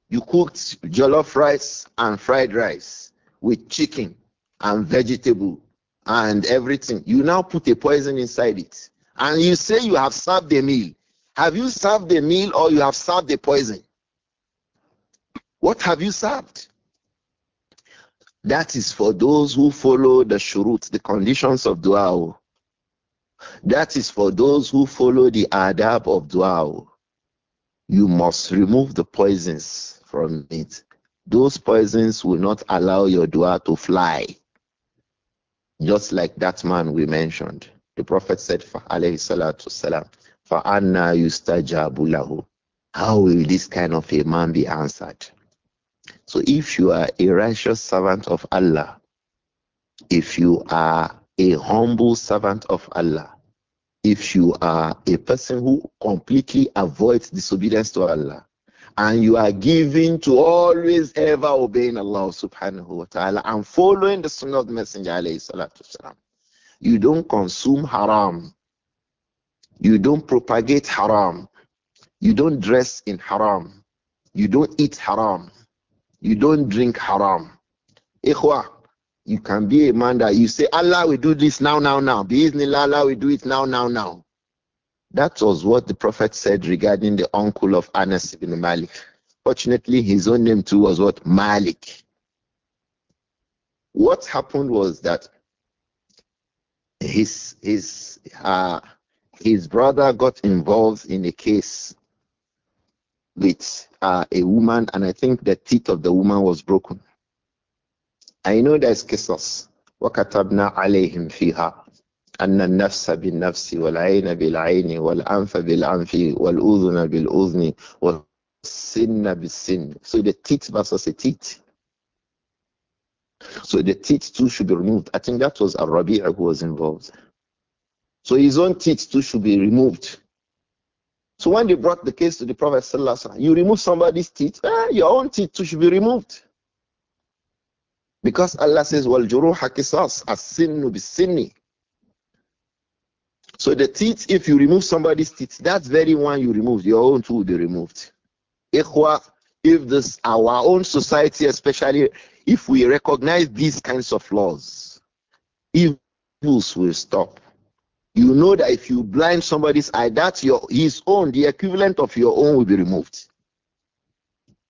you cooked jollof rice and fried rice with chicken and vegetable and everything. You now put a poison inside it. And you say you have served the meal. Have you served the meal or you have served the poison? What have you served? That is for those who follow the shurut, the conditions of dua. That is for those who follow the adab of dua. You must remove the poisons from it. Those poisons will not allow your dua to fly. Just like that man we mentioned. The Prophet said, alayhi salatu salam, فَأَنَّا يُسْتَجَابُ لَهُ How will this kind of a man be answered? So if you are a righteous servant of Allah, if you are a humble servant of Allah, if you are a person who completely avoids disobedience to Allah, and you are given to always ever obeying Allah subhanahu wa ta'ala and following the sunnah of the Messenger alayhi salatu salam, you don't consume haram, you don't propagate haram, you don't dress in haram, you don't eat haram, you don't drink haram. Ikhwah, you can be a man that you say, Allah we do this now, now, now. Bismillah, Allah we do it now, now, now. That was what the Prophet said regarding the uncle of Anas ibn Malik. Fortunately, his own name too was what? Malik. What happened was that his his uh, his brother got involved in a case with uh, a woman, and I think the teeth of the woman was broken. I know there's qisas. وَكَتَبْنَا عَلَيْهِمْ فِيهَا أن النفس بالنفس والعين بالعين والأنف بالأنف والأذن بالأذن والسن بالسن so the teeth versus the teeth so the teeth too should be removed I think that was Rabi'a who was involved so his own teeth too should be removed so when they brought the case to the Prophet you remove somebody's teeth eh, your own teeth too should be removed because Allah says, Wal juruha kisas as sinnu bisinni. So the teeth, if you remove somebody's teeth, that very one you remove your own too will be removed. Ikhwa, if this our own society, especially if we recognize these kinds of laws, evils will stop. You know that if you blind somebody's eye, that's your his own, the equivalent of your own will be removed.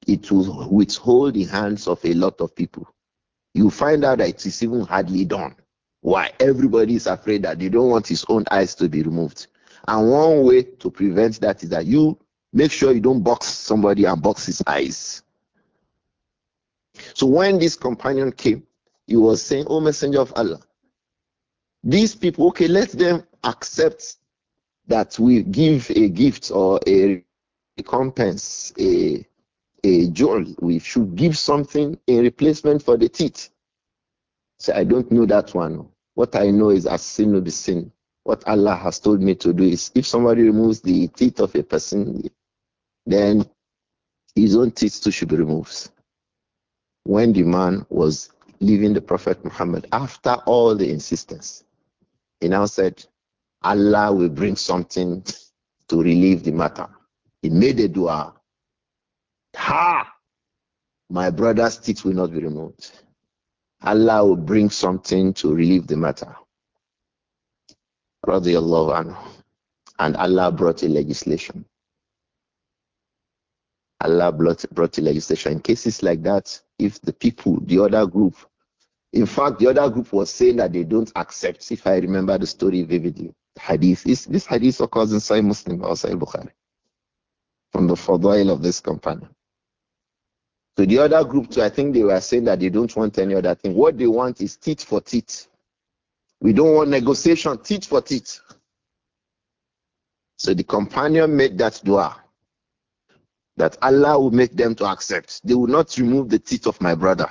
It will withhold the hands of a lot of people you find out that it is even hardly done. Why? Everybody is afraid that they don't want his own eyes to be removed. And one way to prevent that is that you make sure you don't box somebody and box his eyes. So when this companion came, he was saying, Oh, Messenger of Allah, these people, okay, let them accept that we give a gift or a recompense, a a jewel. We should give something in replacement for the teeth. Say, so I don't know that one. What I know is as sin will be sin. What Allah has told me to do is if somebody removes the teeth of a person, then his own teeth too should be removed. When the man was leaving the Prophet Muhammad, after all the insistence, he now said, Allah will bring something to relieve the matter. He made a dua Ha! My brother's teeth will not be removed. Allah will bring something to relieve the matter. your love And Allah brought a legislation. Allah brought, brought a legislation. In cases like that, if the people, the other group, in fact, the other group was saying that they don't accept, if I remember the story vividly, hadith. Is, this hadith occurs in Sahih Muslim or Sahih Bukhari from the fadail of this companion. So the other group too, I think they were saying that they don't want any other thing. What they want is teeth for teeth. We don't want negotiation, teeth for teeth. So the companion made that dua that Allah will make them to accept. They will not remove the teeth of my brother.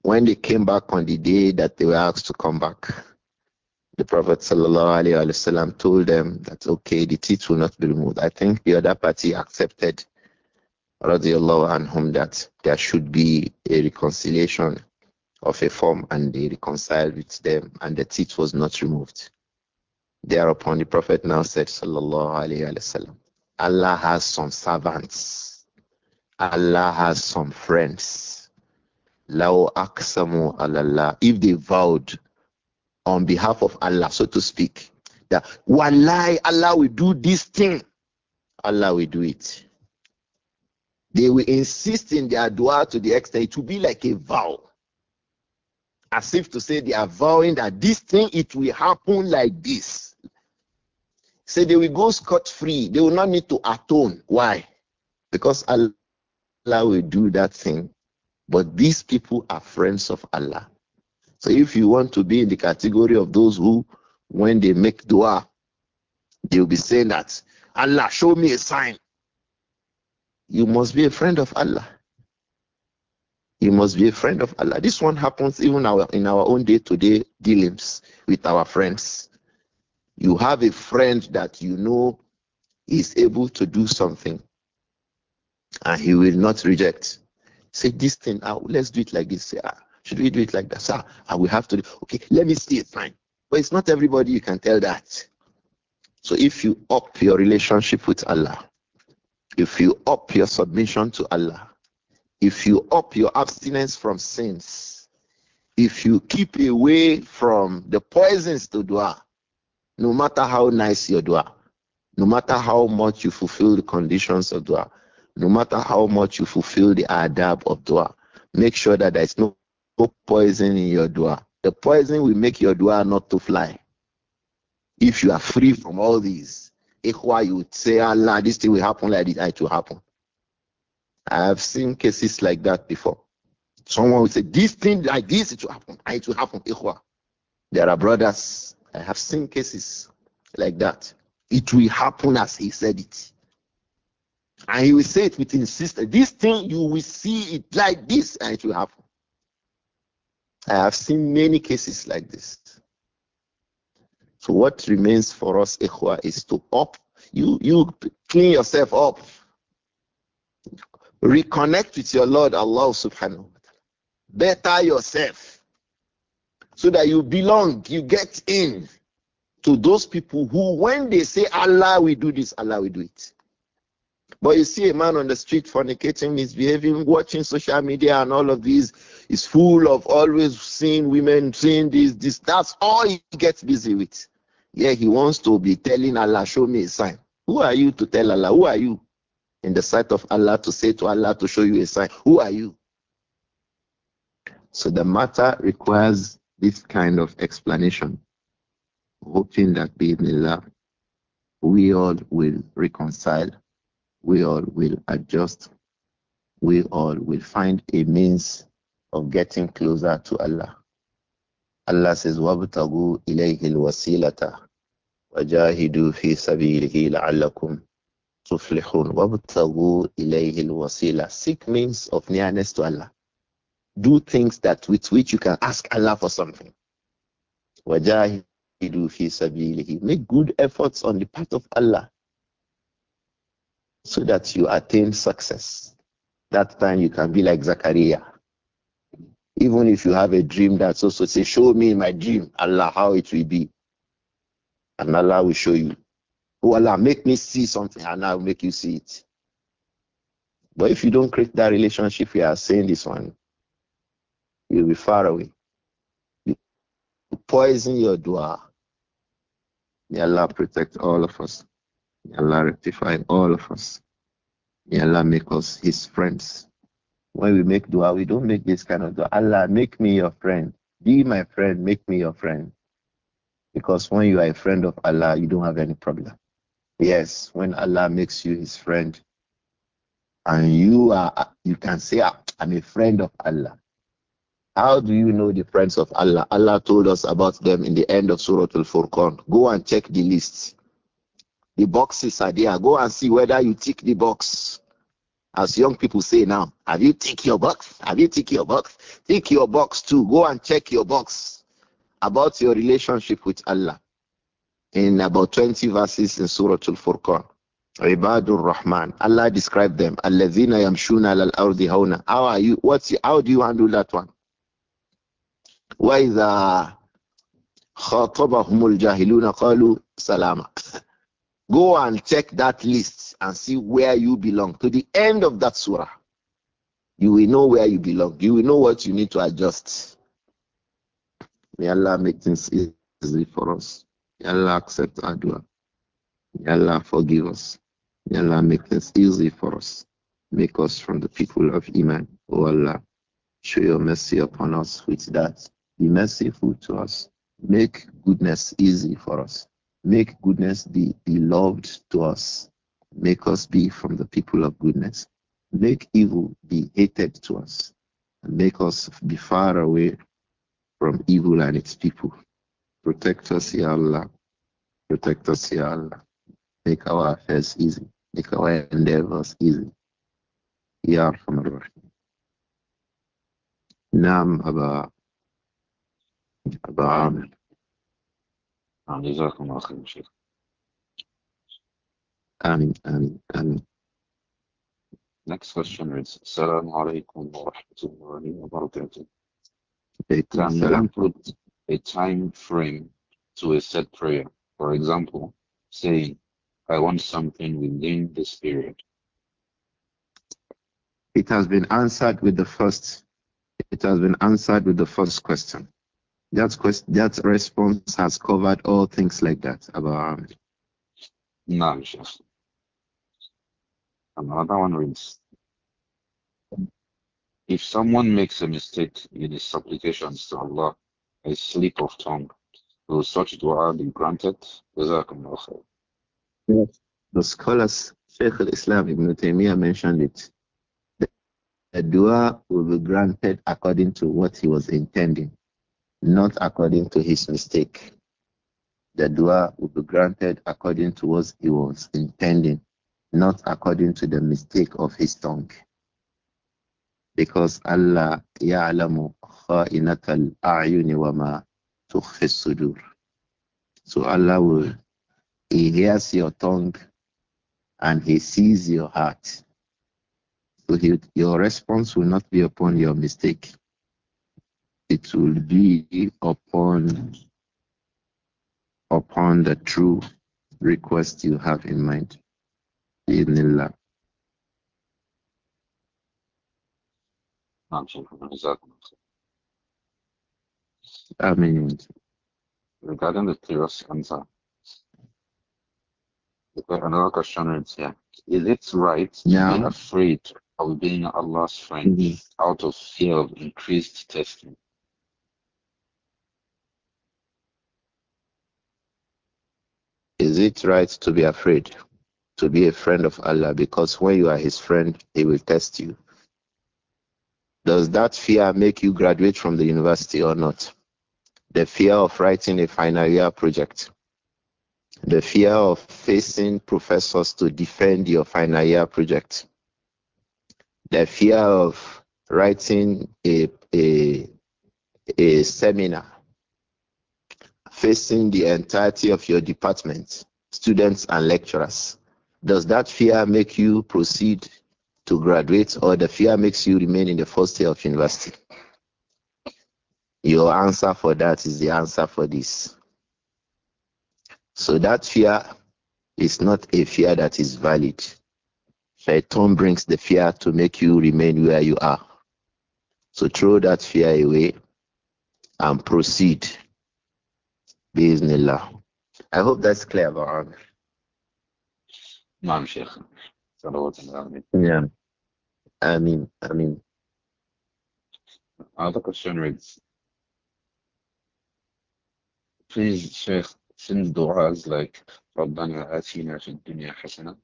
When they came back on the day that they were asked to come back, the Prophet ﷺ told them that okay, the teeth will not be removed. I think the other party accepted radiallahu anhum that there should be a reconciliation of a form and they reconciled with them and the teeth was not removed. Thereupon the Prophet now said, Sallallahu Alaihi Wasallam, Allah has some servants. Allah has some friends. Lao aksamu Allah. If they vowed on behalf of Allah, so to speak, that Wallahi, Allah will do this thing, Allah will do it. They will insist in their dua to the extent it will be like a vow. As if to say they are vowing that this thing it will happen like this. Say so they will go scot free. They will not need to atone. Why? Because Allah will do that thing. But these people are friends of Allah. So if you want to be in the category of those who, when they make dua, they'll be saying that Allah show me a sign you must be a friend of Allah. You must be a friend of Allah. This one happens even our, in our own day to day dealings with our friends. You have a friend that you know is able to do something and he will not reject. Say this thing out, ah, let's do it like this. Say, ah, should we do it like that? Sir, I will have to do okay, let me see it, fine. But it's not everybody you can tell that. So if you up your relationship with Allah, if you up your submission to Allah, if you up your abstinence from sins, if you keep away from the poisons to dua, no matter how nice your dua, no matter how much you fulfill the conditions of dua, no matter how much you fulfill the adab of dua, make sure that there is no, poison in your dua. The poison will make your dua not to fly. If you are free from all these, ikhwa, you would say, Allah, this thing will happen like this, it will happen. I have seen cases like that before. Someone will say, This thing like this, it will happen, it will happen, ikhwa. There are brothers, I have seen cases like that. It will happen as he said it. And he will say it with insistence. This thing, you will see it like this, and it will happen. I have seen many cases like this. So what remains for us, Ikhwa, is to up. You you clean yourself up. Reconnect with your Lord Allah subhanahu wa ta'ala. Better yourself. So that you belong, you get in to those people who, when they say Allah we do this, Allah we do it. But you see a man on the street fornicating, misbehaving, watching social media and all of these is full of always seeing women, seeing this, this. That's all he gets busy with. Yeah, he wants to be telling Allah, show me a sign. Who are you to tell Allah? Who are you in the sight of Allah to say to Allah to show you a sign? Who are you? So the matter requires this kind of explanation, hoping that Allah, we all will reconcile, we all will adjust, we all will find a means of getting closer to Allah. Allah says, وَابْتَغُوا إِلَيْهِ الْوَسِيلَةَ وَجَاهِدُوا فِي سَبِيلِهِ لَعَلَّكُمْ تُفْلِحُونَ وَابْتَغُوا إِلَيْهِ الْوَسِيلَةَ Seek means of nearness to Allah. Do things that with which you can ask Allah for something. وَجَاهِدُوا فِي سَبِيلِهِ Make good efforts on the part of Allah so that you attain success. That time you can be like Zachariah. Even if you have a dream that's also say, Show me my dream, Allah, how it will be. And Allah will show you. Oh Allah, make me see something, and I will make you see it. But if you don't create that relationship, you are saying this one, you'll be far away. You poison your dua. May Allah protect all of us. May Allah rectify all of us. May Allah make us His friends. When we make dua, we don't make this kind of dua. Allah, make me your friend. Be my friend, make me your friend. Because when you are a friend of Allah, you don't have any problem. Yes, when Allah makes you his friend, and you are you can say, ah, I'm a friend of Allah. How do you know the friends of Allah? Allah told us about them in the end of Surah Al Furqan. Go and check the list. The boxes are there. Go and see whether you tick the box as young people say now, have you ticked your box? Have you ticked your box? Tick your box too. Go and check your box about your relationship with Allah. In about 20 verses in Surah Al-Furqan, Ibadur Rahman, Allah described them. Alladhina yamshuna lal ardi How are you? What's how do you handle that one? وَإِذَا خَاطَبَهُمُ jahiluna قَالُوا salama. Go and check that list and see where you belong. To the end of that surah, you will know where you belong. You will know what you need to adjust. May Allah make things easy for us. May Allah accept our dua. May Allah forgive us. May Allah make things easy for us. Make us from the people of Iman. O oh Allah, show your mercy upon us with that. Be merciful to us. Make goodness easy for us. Make goodness be beloved to us. Make us be from the people of goodness. Make evil be hated to us. And make us be far away from evil and its people. Protect us, Ya Allah. Protect us, Ya Allah. Make our affairs easy. Make our endeavors easy. Ya Rahman. Rahim. Naam, Aba, Aba Amir. Amin, amin, amin. Next question reads, Assalamu alaikum wa rahmatullahi wa barakatuh. They put a time frame to a set prayer. For example, saying, I want something within this period. It has been answered with the first. It has been answered with the first question. That that response has covered all things like that. About another one reads. If someone makes a mistake in his supplications to Allah, a slip of tongue, will such dua be granted? Jazakumullah The scholars, Sheikh al-Islam Ibn Taymiyyah mentioned it the dua will be granted according to what he was intending not according to his mistake. The dua will be granted according to what he was intending, not according to the mistake of his tongue. Because Allah ya'lamu kha'inatal a'yuni wa ma sudur. So Allah will, He hears your tongue and He sees your heart. So he, your response will not be upon your mistake it will be upon upon the true request you have in mind. Bismillah. I mean, regarding the previous answer, another question is here: Is it right yeah. to be afraid of being Allah's friend mm -hmm. out of fear of increased testing? Is it right to be afraid? To be a friend of Allah? Because when you are His friend, He will test you. Does that fear make you graduate from the university or not? The fear of writing a final year project. The fear of facing professors to defend your final year project. The fear of writing a, a, a seminar facing the entirety of your department, students and lecturers. Does that fear make you proceed to graduate or the fear makes you remain in the first year of university? Your answer for that is the answer for this. So that fear is not a fear that is valid. Shaitan brings the fear to make you remain where you are. So throw that fear away and proceed Bismillah. I hope that's clear, Baran. نعم شيخ Yeah. I mean, I mean. Other question reads, please, Sheikh, since du'as like ربنا آتنا في الدنيا حسنة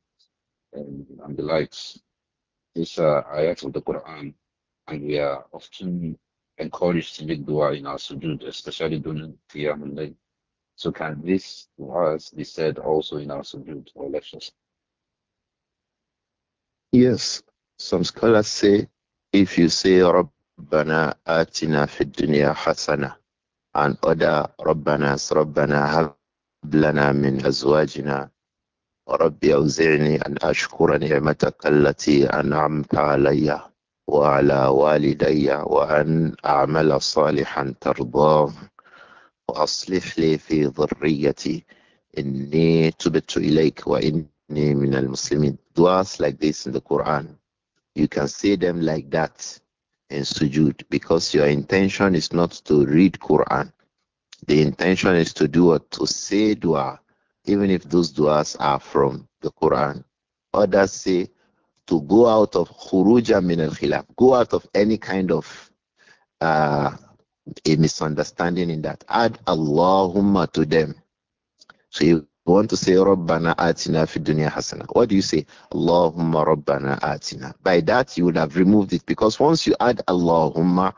and, the likes, these are ayat of the Quran, and we are often encouraged to make dua in our sujood, especially during the al-Layl. So can this be said also in our subject or lectures? Yes, some scholars say if you say Rabbana atina fid dunya hasana and other Rabbana Rabbana hab lana min azwajina Rabbi awzi'ni an ashkura ni'mataka allati an'amta alayya wa ala walidayya wa an a'mala salihan tardah وأصلح لي في ذريتي إني تبت إليك وإني من المسلمين Duas like this in the Quran You can say them like that in sujud because your intention is not to read Quran The intention is to do what? To say dua even if those duas are from the Quran Others say to go out of khuruja min al-khilaf Go out of any kind of uh, a misunderstanding in that. Add Allahumma to them. So you want to say Rabbana atina fi dunya hasana. What do you say? Allahumma Rabbana atina. By that you would have removed it because once you add Allahumma,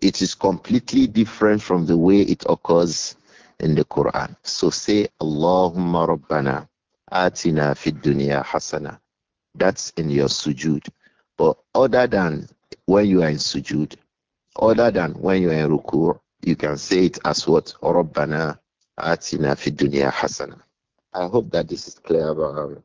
it is completely different from the way it occurs in the Quran. So say Allahumma Rabbana atina fi dunya hasana. That's in your sujud. But other than when you are in sujud, other than when you are in ruku, you can say it as what Rabbana atina fid dunya hasana. I hope that this is clear. About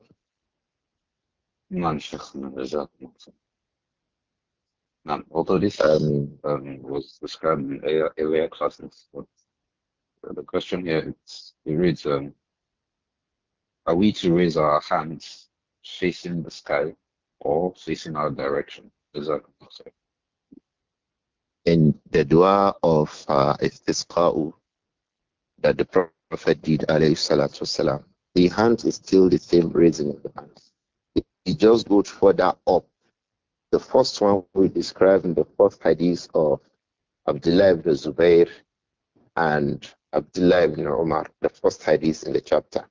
نعم although this um, um, was described in earlier, classes but the question here it's, it reads um, are we to raise our hands facing the sky or facing our direction? in the dua of uh, istisqa'u that the Prophet did, alayhi salatu the hand is still the same raising of the hands. It, it just goes further up. The first one we described in the first hadith of Abdullah ibn Zubair and Abdullah ibn Umar, the first hadith in the chapter.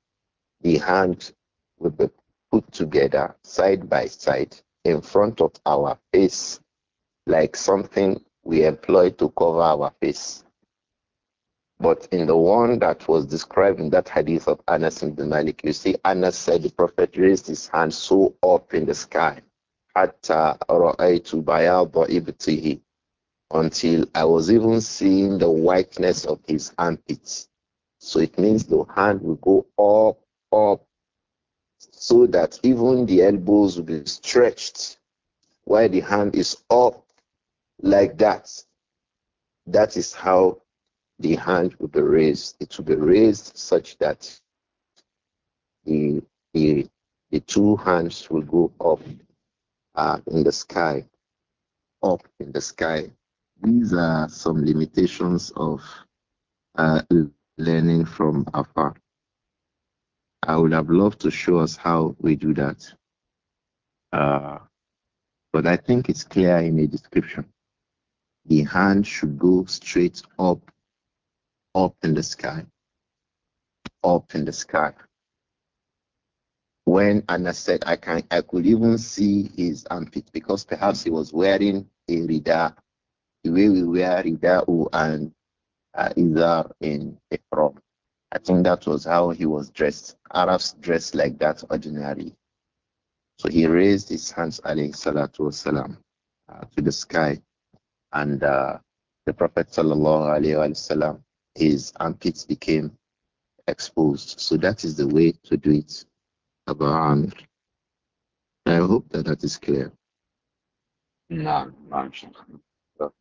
The hand will be put together side by side in front of our face like something we employ to cover our face. But in the one that was described in that hadith of Anas ibn Malik, you see Anas said the Prophet raised his hand so up in the sky, until I was even seeing the whiteness of his armpits. So it means the hand will go up, up, so that even the elbows will be stretched while the hand is up like that. That is how the hand will be raised. It will be raised such that the, the, the two hands will go up uh, in the sky. Up in the sky. These are some limitations of uh, learning from afar. I would have loved to show us how we do that. Uh, but I think it's clear in the description the hand should go straight up, up in the sky, up in the sky. When Anna said, I can, I could even see his armpit because perhaps he was wearing a rida, the way we wear rida and uh, either in April. I think that was how he was dressed. Arabs dress like that ordinarily. So he raised his hands, alayhi salatu wasalam, uh, to the sky and uh, the Prophet sallallahu alaihi wasallam, his armpits became exposed. So that is the way to do it, Abu Amr. I hope that that is clear. No, no,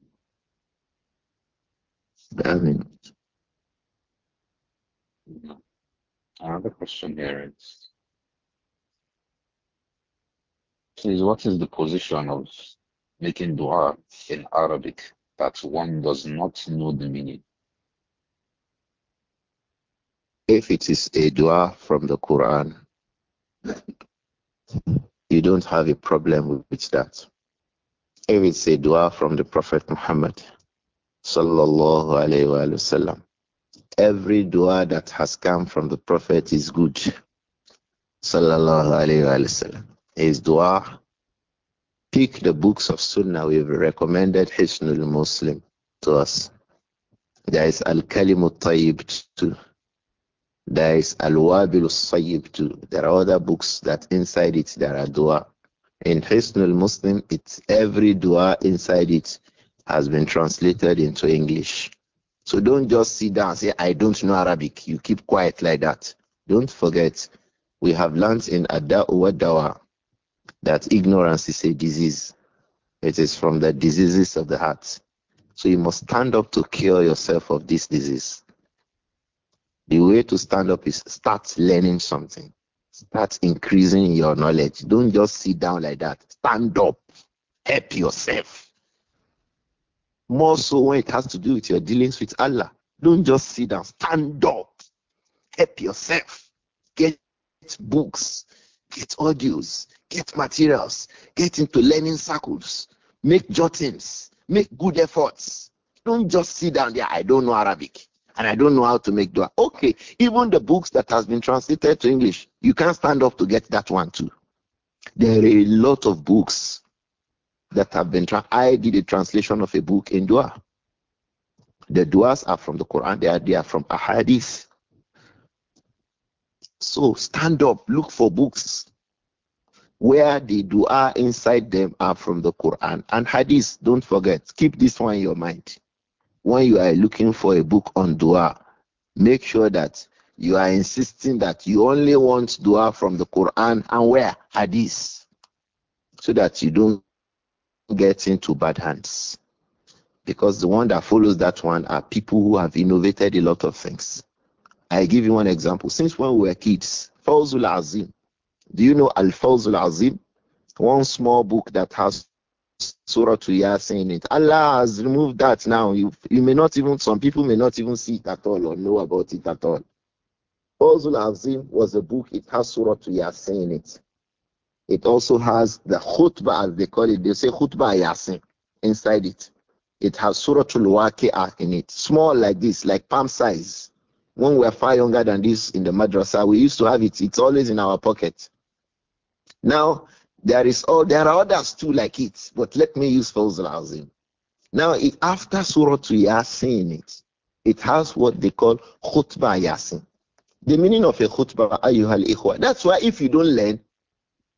Another question here is, please, what is the position of making dua in Arabic that one does not know the meaning. If it is a dua from the Quran, you don't have a problem with that. If it's a dua from the Prophet Muhammad, sallallahu alayhi wa, sallam, every dua that has come from the Prophet is good. Sallallahu alayhi wasallam. alayhi wa sallam. His dua pick the books of Sunnah. We've recommended Hishnul Muslim to us. There is Al Kalimut Tayyib too. There is Al Wabil Sayyib too. There are other books that inside it there are dua. In Hisnul Muslim, it's every dua inside it has been translated into English. So don't just sit down and say, I don't know Arabic. You keep quiet like that. Don't forget, we have learned in Adda'u wa Dawa that ignorance is a disease. It is from the diseases of the heart. So you must stand up to cure yourself of this disease. The way to stand up is start learning something. Start increasing your knowledge. Don't just sit down like that. Stand up. Help yourself. More so when it has to do with your dealings with Allah. Don't just sit down. Stand up. Help yourself. Get books. Get audios. Get materials, get into learning circles, make jottings, make good efforts. Don't just sit down there, I don't know Arabic and I don't know how to make dua. Okay, even the books that has been translated to English, you can't stand up to get that one too. There are a lot of books that have been tra- I did a translation of a book in dua. The duas are from the Quran, they are, they are from ahadith. So stand up, look for books where the dua inside them are from the Quran and hadith. Don't forget, keep this one in your mind. When you are looking for a book on dua, make sure that you are insisting that you only want dua from the Quran and where hadith so that you don't get into bad hands. Because the one that follows that one are people who have innovated a lot of things. I give you one example. Since when we were kids, Fawzul Azim, do you know Al Fawzul Azim? One small book that has Surah to Yasin in it. Allah has removed that now. You, you may not even, some people may not even see it at all or know about it at all. Fawzul Azim was a book, it has Surah to Yasin in it. It also has the khutbah, as they call it. They say khutbah Yasin inside it. It has Surah Al-Waqi'ah in it. Small like this, like palm size. When we were far younger than this in the madrasa, we used to have it. It's always in our pocket. Now, there is all oh, there are others too like it, but let me use Fawzul Azim. Now, if after Surah Yasin, it it has what they call khutbah Yasin. The meaning of a khutbah, ayuhal ikhwa. That's why if you don't learn,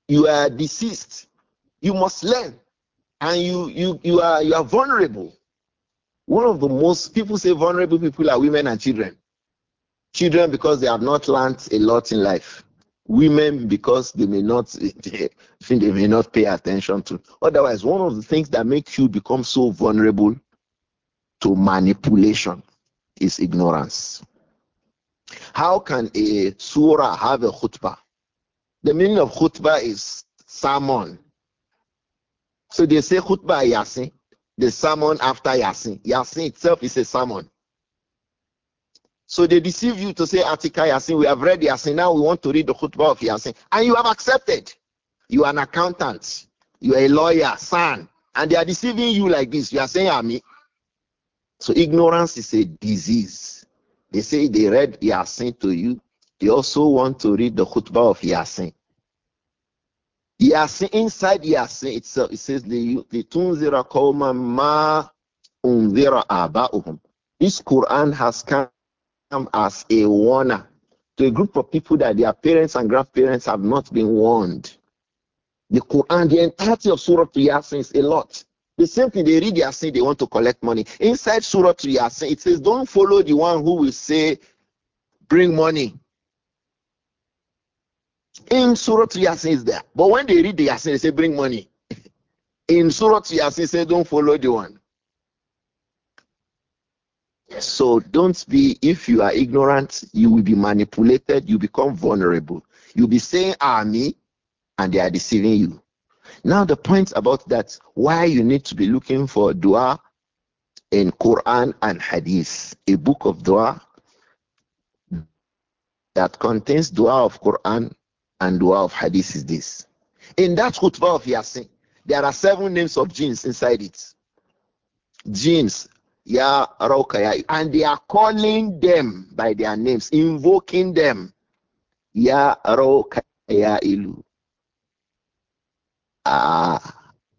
you are deceased. You must learn, and you you you are you are vulnerable. One of the most people say vulnerable people are women and children. Children because they have not learned a lot in life women because they may not they may not pay attention to. Otherwise, one of the things that make you become so vulnerable to manipulation is ignorance. How can a surah have a khutbah? The meaning of khutbah is sermon. So they say khutbah yasin, the sermon after yasin. Yasin itself is a sermon. So they deceive you to say Atika Yasin, we have read Yasin, now we want to read the khutbah of Yasin. And you have accepted. You are an accountant, you are a lawyer, son, and they are deceiving you like this. You are saying Ami. So ignorance is a disease. They say they read Yasin to you. They also want to read the khutbah of Yasin. Yasin inside Yasin itself, it says the tunzira ma unzira aba'uhum. This Quran has come am as a warner to a group of people that their parents and grandparents have not been warned. The Quran, the entirety of Surah to Yasin is a lot. The same thing, they read Yasin, they want to collect money. Inside Surah to Yasin, it says, Don't follow the one who will say, Bring money. In Surah to Yasin is there. But when they read the Yasin, they say, Bring money. In Surah to Yasin, say, Don't follow the one. So don't be, if you are ignorant, you will be manipulated, you become vulnerable. You'll be saying, ah, me, and they are deceiving you. Now, the point about that, why you need to be looking for dua in Quran and Hadith, a book of dua that contains dua of Quran and dua of Hadith is this. In that khutbah of Yasin, there are seven names of jinns inside it. Jinns, Ya And they are calling them by their names, invoking them. Ya Raukaya Ilu. Ah,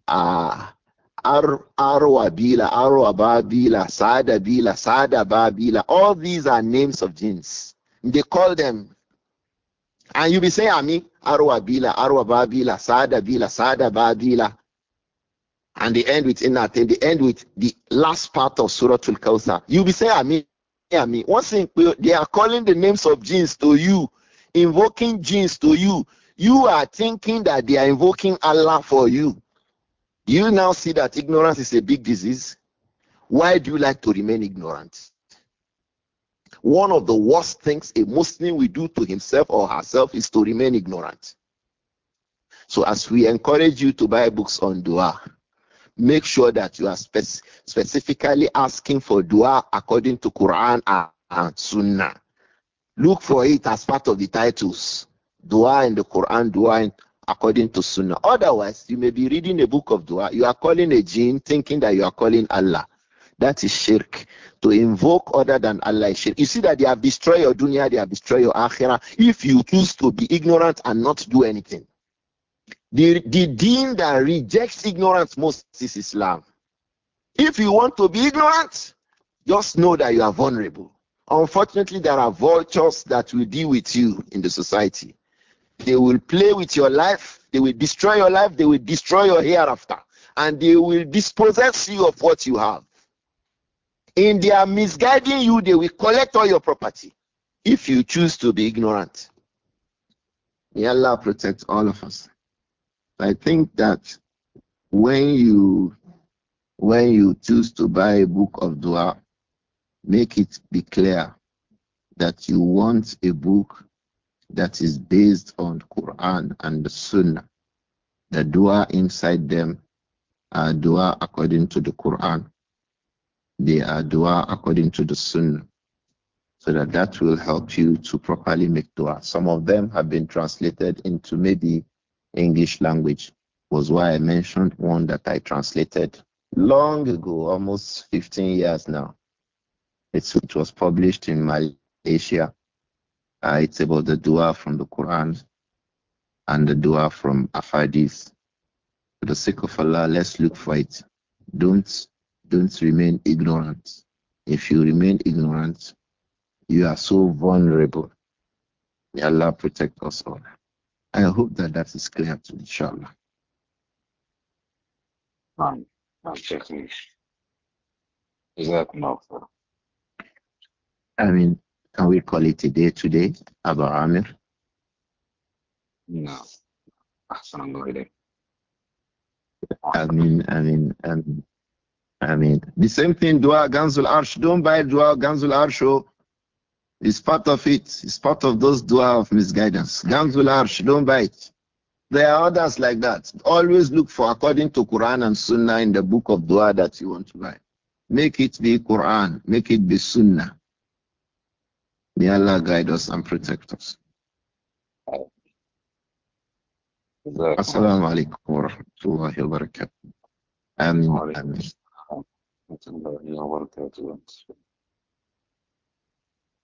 ah. Ar Arwa Bila, Arwa Babila, Sada Bila, Sada Babila. All these are names of jinns. They call them. And you be saying, Ami, Arwa Bila, Arwa Babila, Sada Bila, Sada Babila and they end with Inat, and they end with the last part of Surah Al Kawthar. You'll be saying, I mean, I mean, one thing, they are calling the names of jinns to you, invoking jinns to you. You are thinking that they are invoking Allah for you. You now see that ignorance is a big disease. Why do you like to remain ignorant? One of the worst things a Muslim will do to himself or herself is to remain ignorant. So, as we encourage you to buy books on dua, make sure that you are specifically asking for dua according to Quran and Sunnah. Look for it as part of the titles. Dua in the Quran, dua in, according to Sunnah. Otherwise, you may be reading a book of dua. You are calling a jinn thinking that you are calling Allah. That is shirk. To invoke other than Allah is shirk. You see that they have destroyed your dunya, they have destroyed your akhirah. If you choose to be ignorant and not do anything. The, the deen that rejects ignorance most is Islam. If you want to be ignorant, just know that you are vulnerable. Unfortunately, there are vultures that will deal with you in the society. They will play with your life, they will destroy your life, they will destroy your hereafter, and they will dispossess you of what you have. In their misguiding you, they will collect all your property if you choose to be ignorant. May Allah protect all of us. I think that when you when you choose to buy a book of dua, make it be clear that you want a book that is based on Quran and the Sunnah. The dua inside them are dua according to the Quran. They are dua according to the Sunnah. So that that will help you to properly make dua. Some of them have been translated into maybe English language was why I mentioned one that I translated long ago, almost 15 years now. It's, it was published in Malaysia. Uh, it's about the dua from the Quran and the dua from Ahadith. For the sake of Allah, let's look for it. Don't don't remain ignorant. If you remain ignorant, you are so vulnerable. May Allah protect us all. I hope that that is clear to inshallah. Um, certainly. Is that enough? I mean, can we call it a day today, Abu Amir? No. I mean, I mean, I mean, I mean, the same thing, Dua Ganzul Arsh. Don't buy Dua Ganzul Arsh. Oh. It's part of it. It's part of those dua of misguidance. will arch. don't buy it. There are others like that. Always look for according to Quran and Sunnah in the book of dua that you want to buy. Make it be Quran. Make it be Sunnah. May Allah guide us and protect us. Assalamu alaikum wa rahmatullahi wa barakatuh.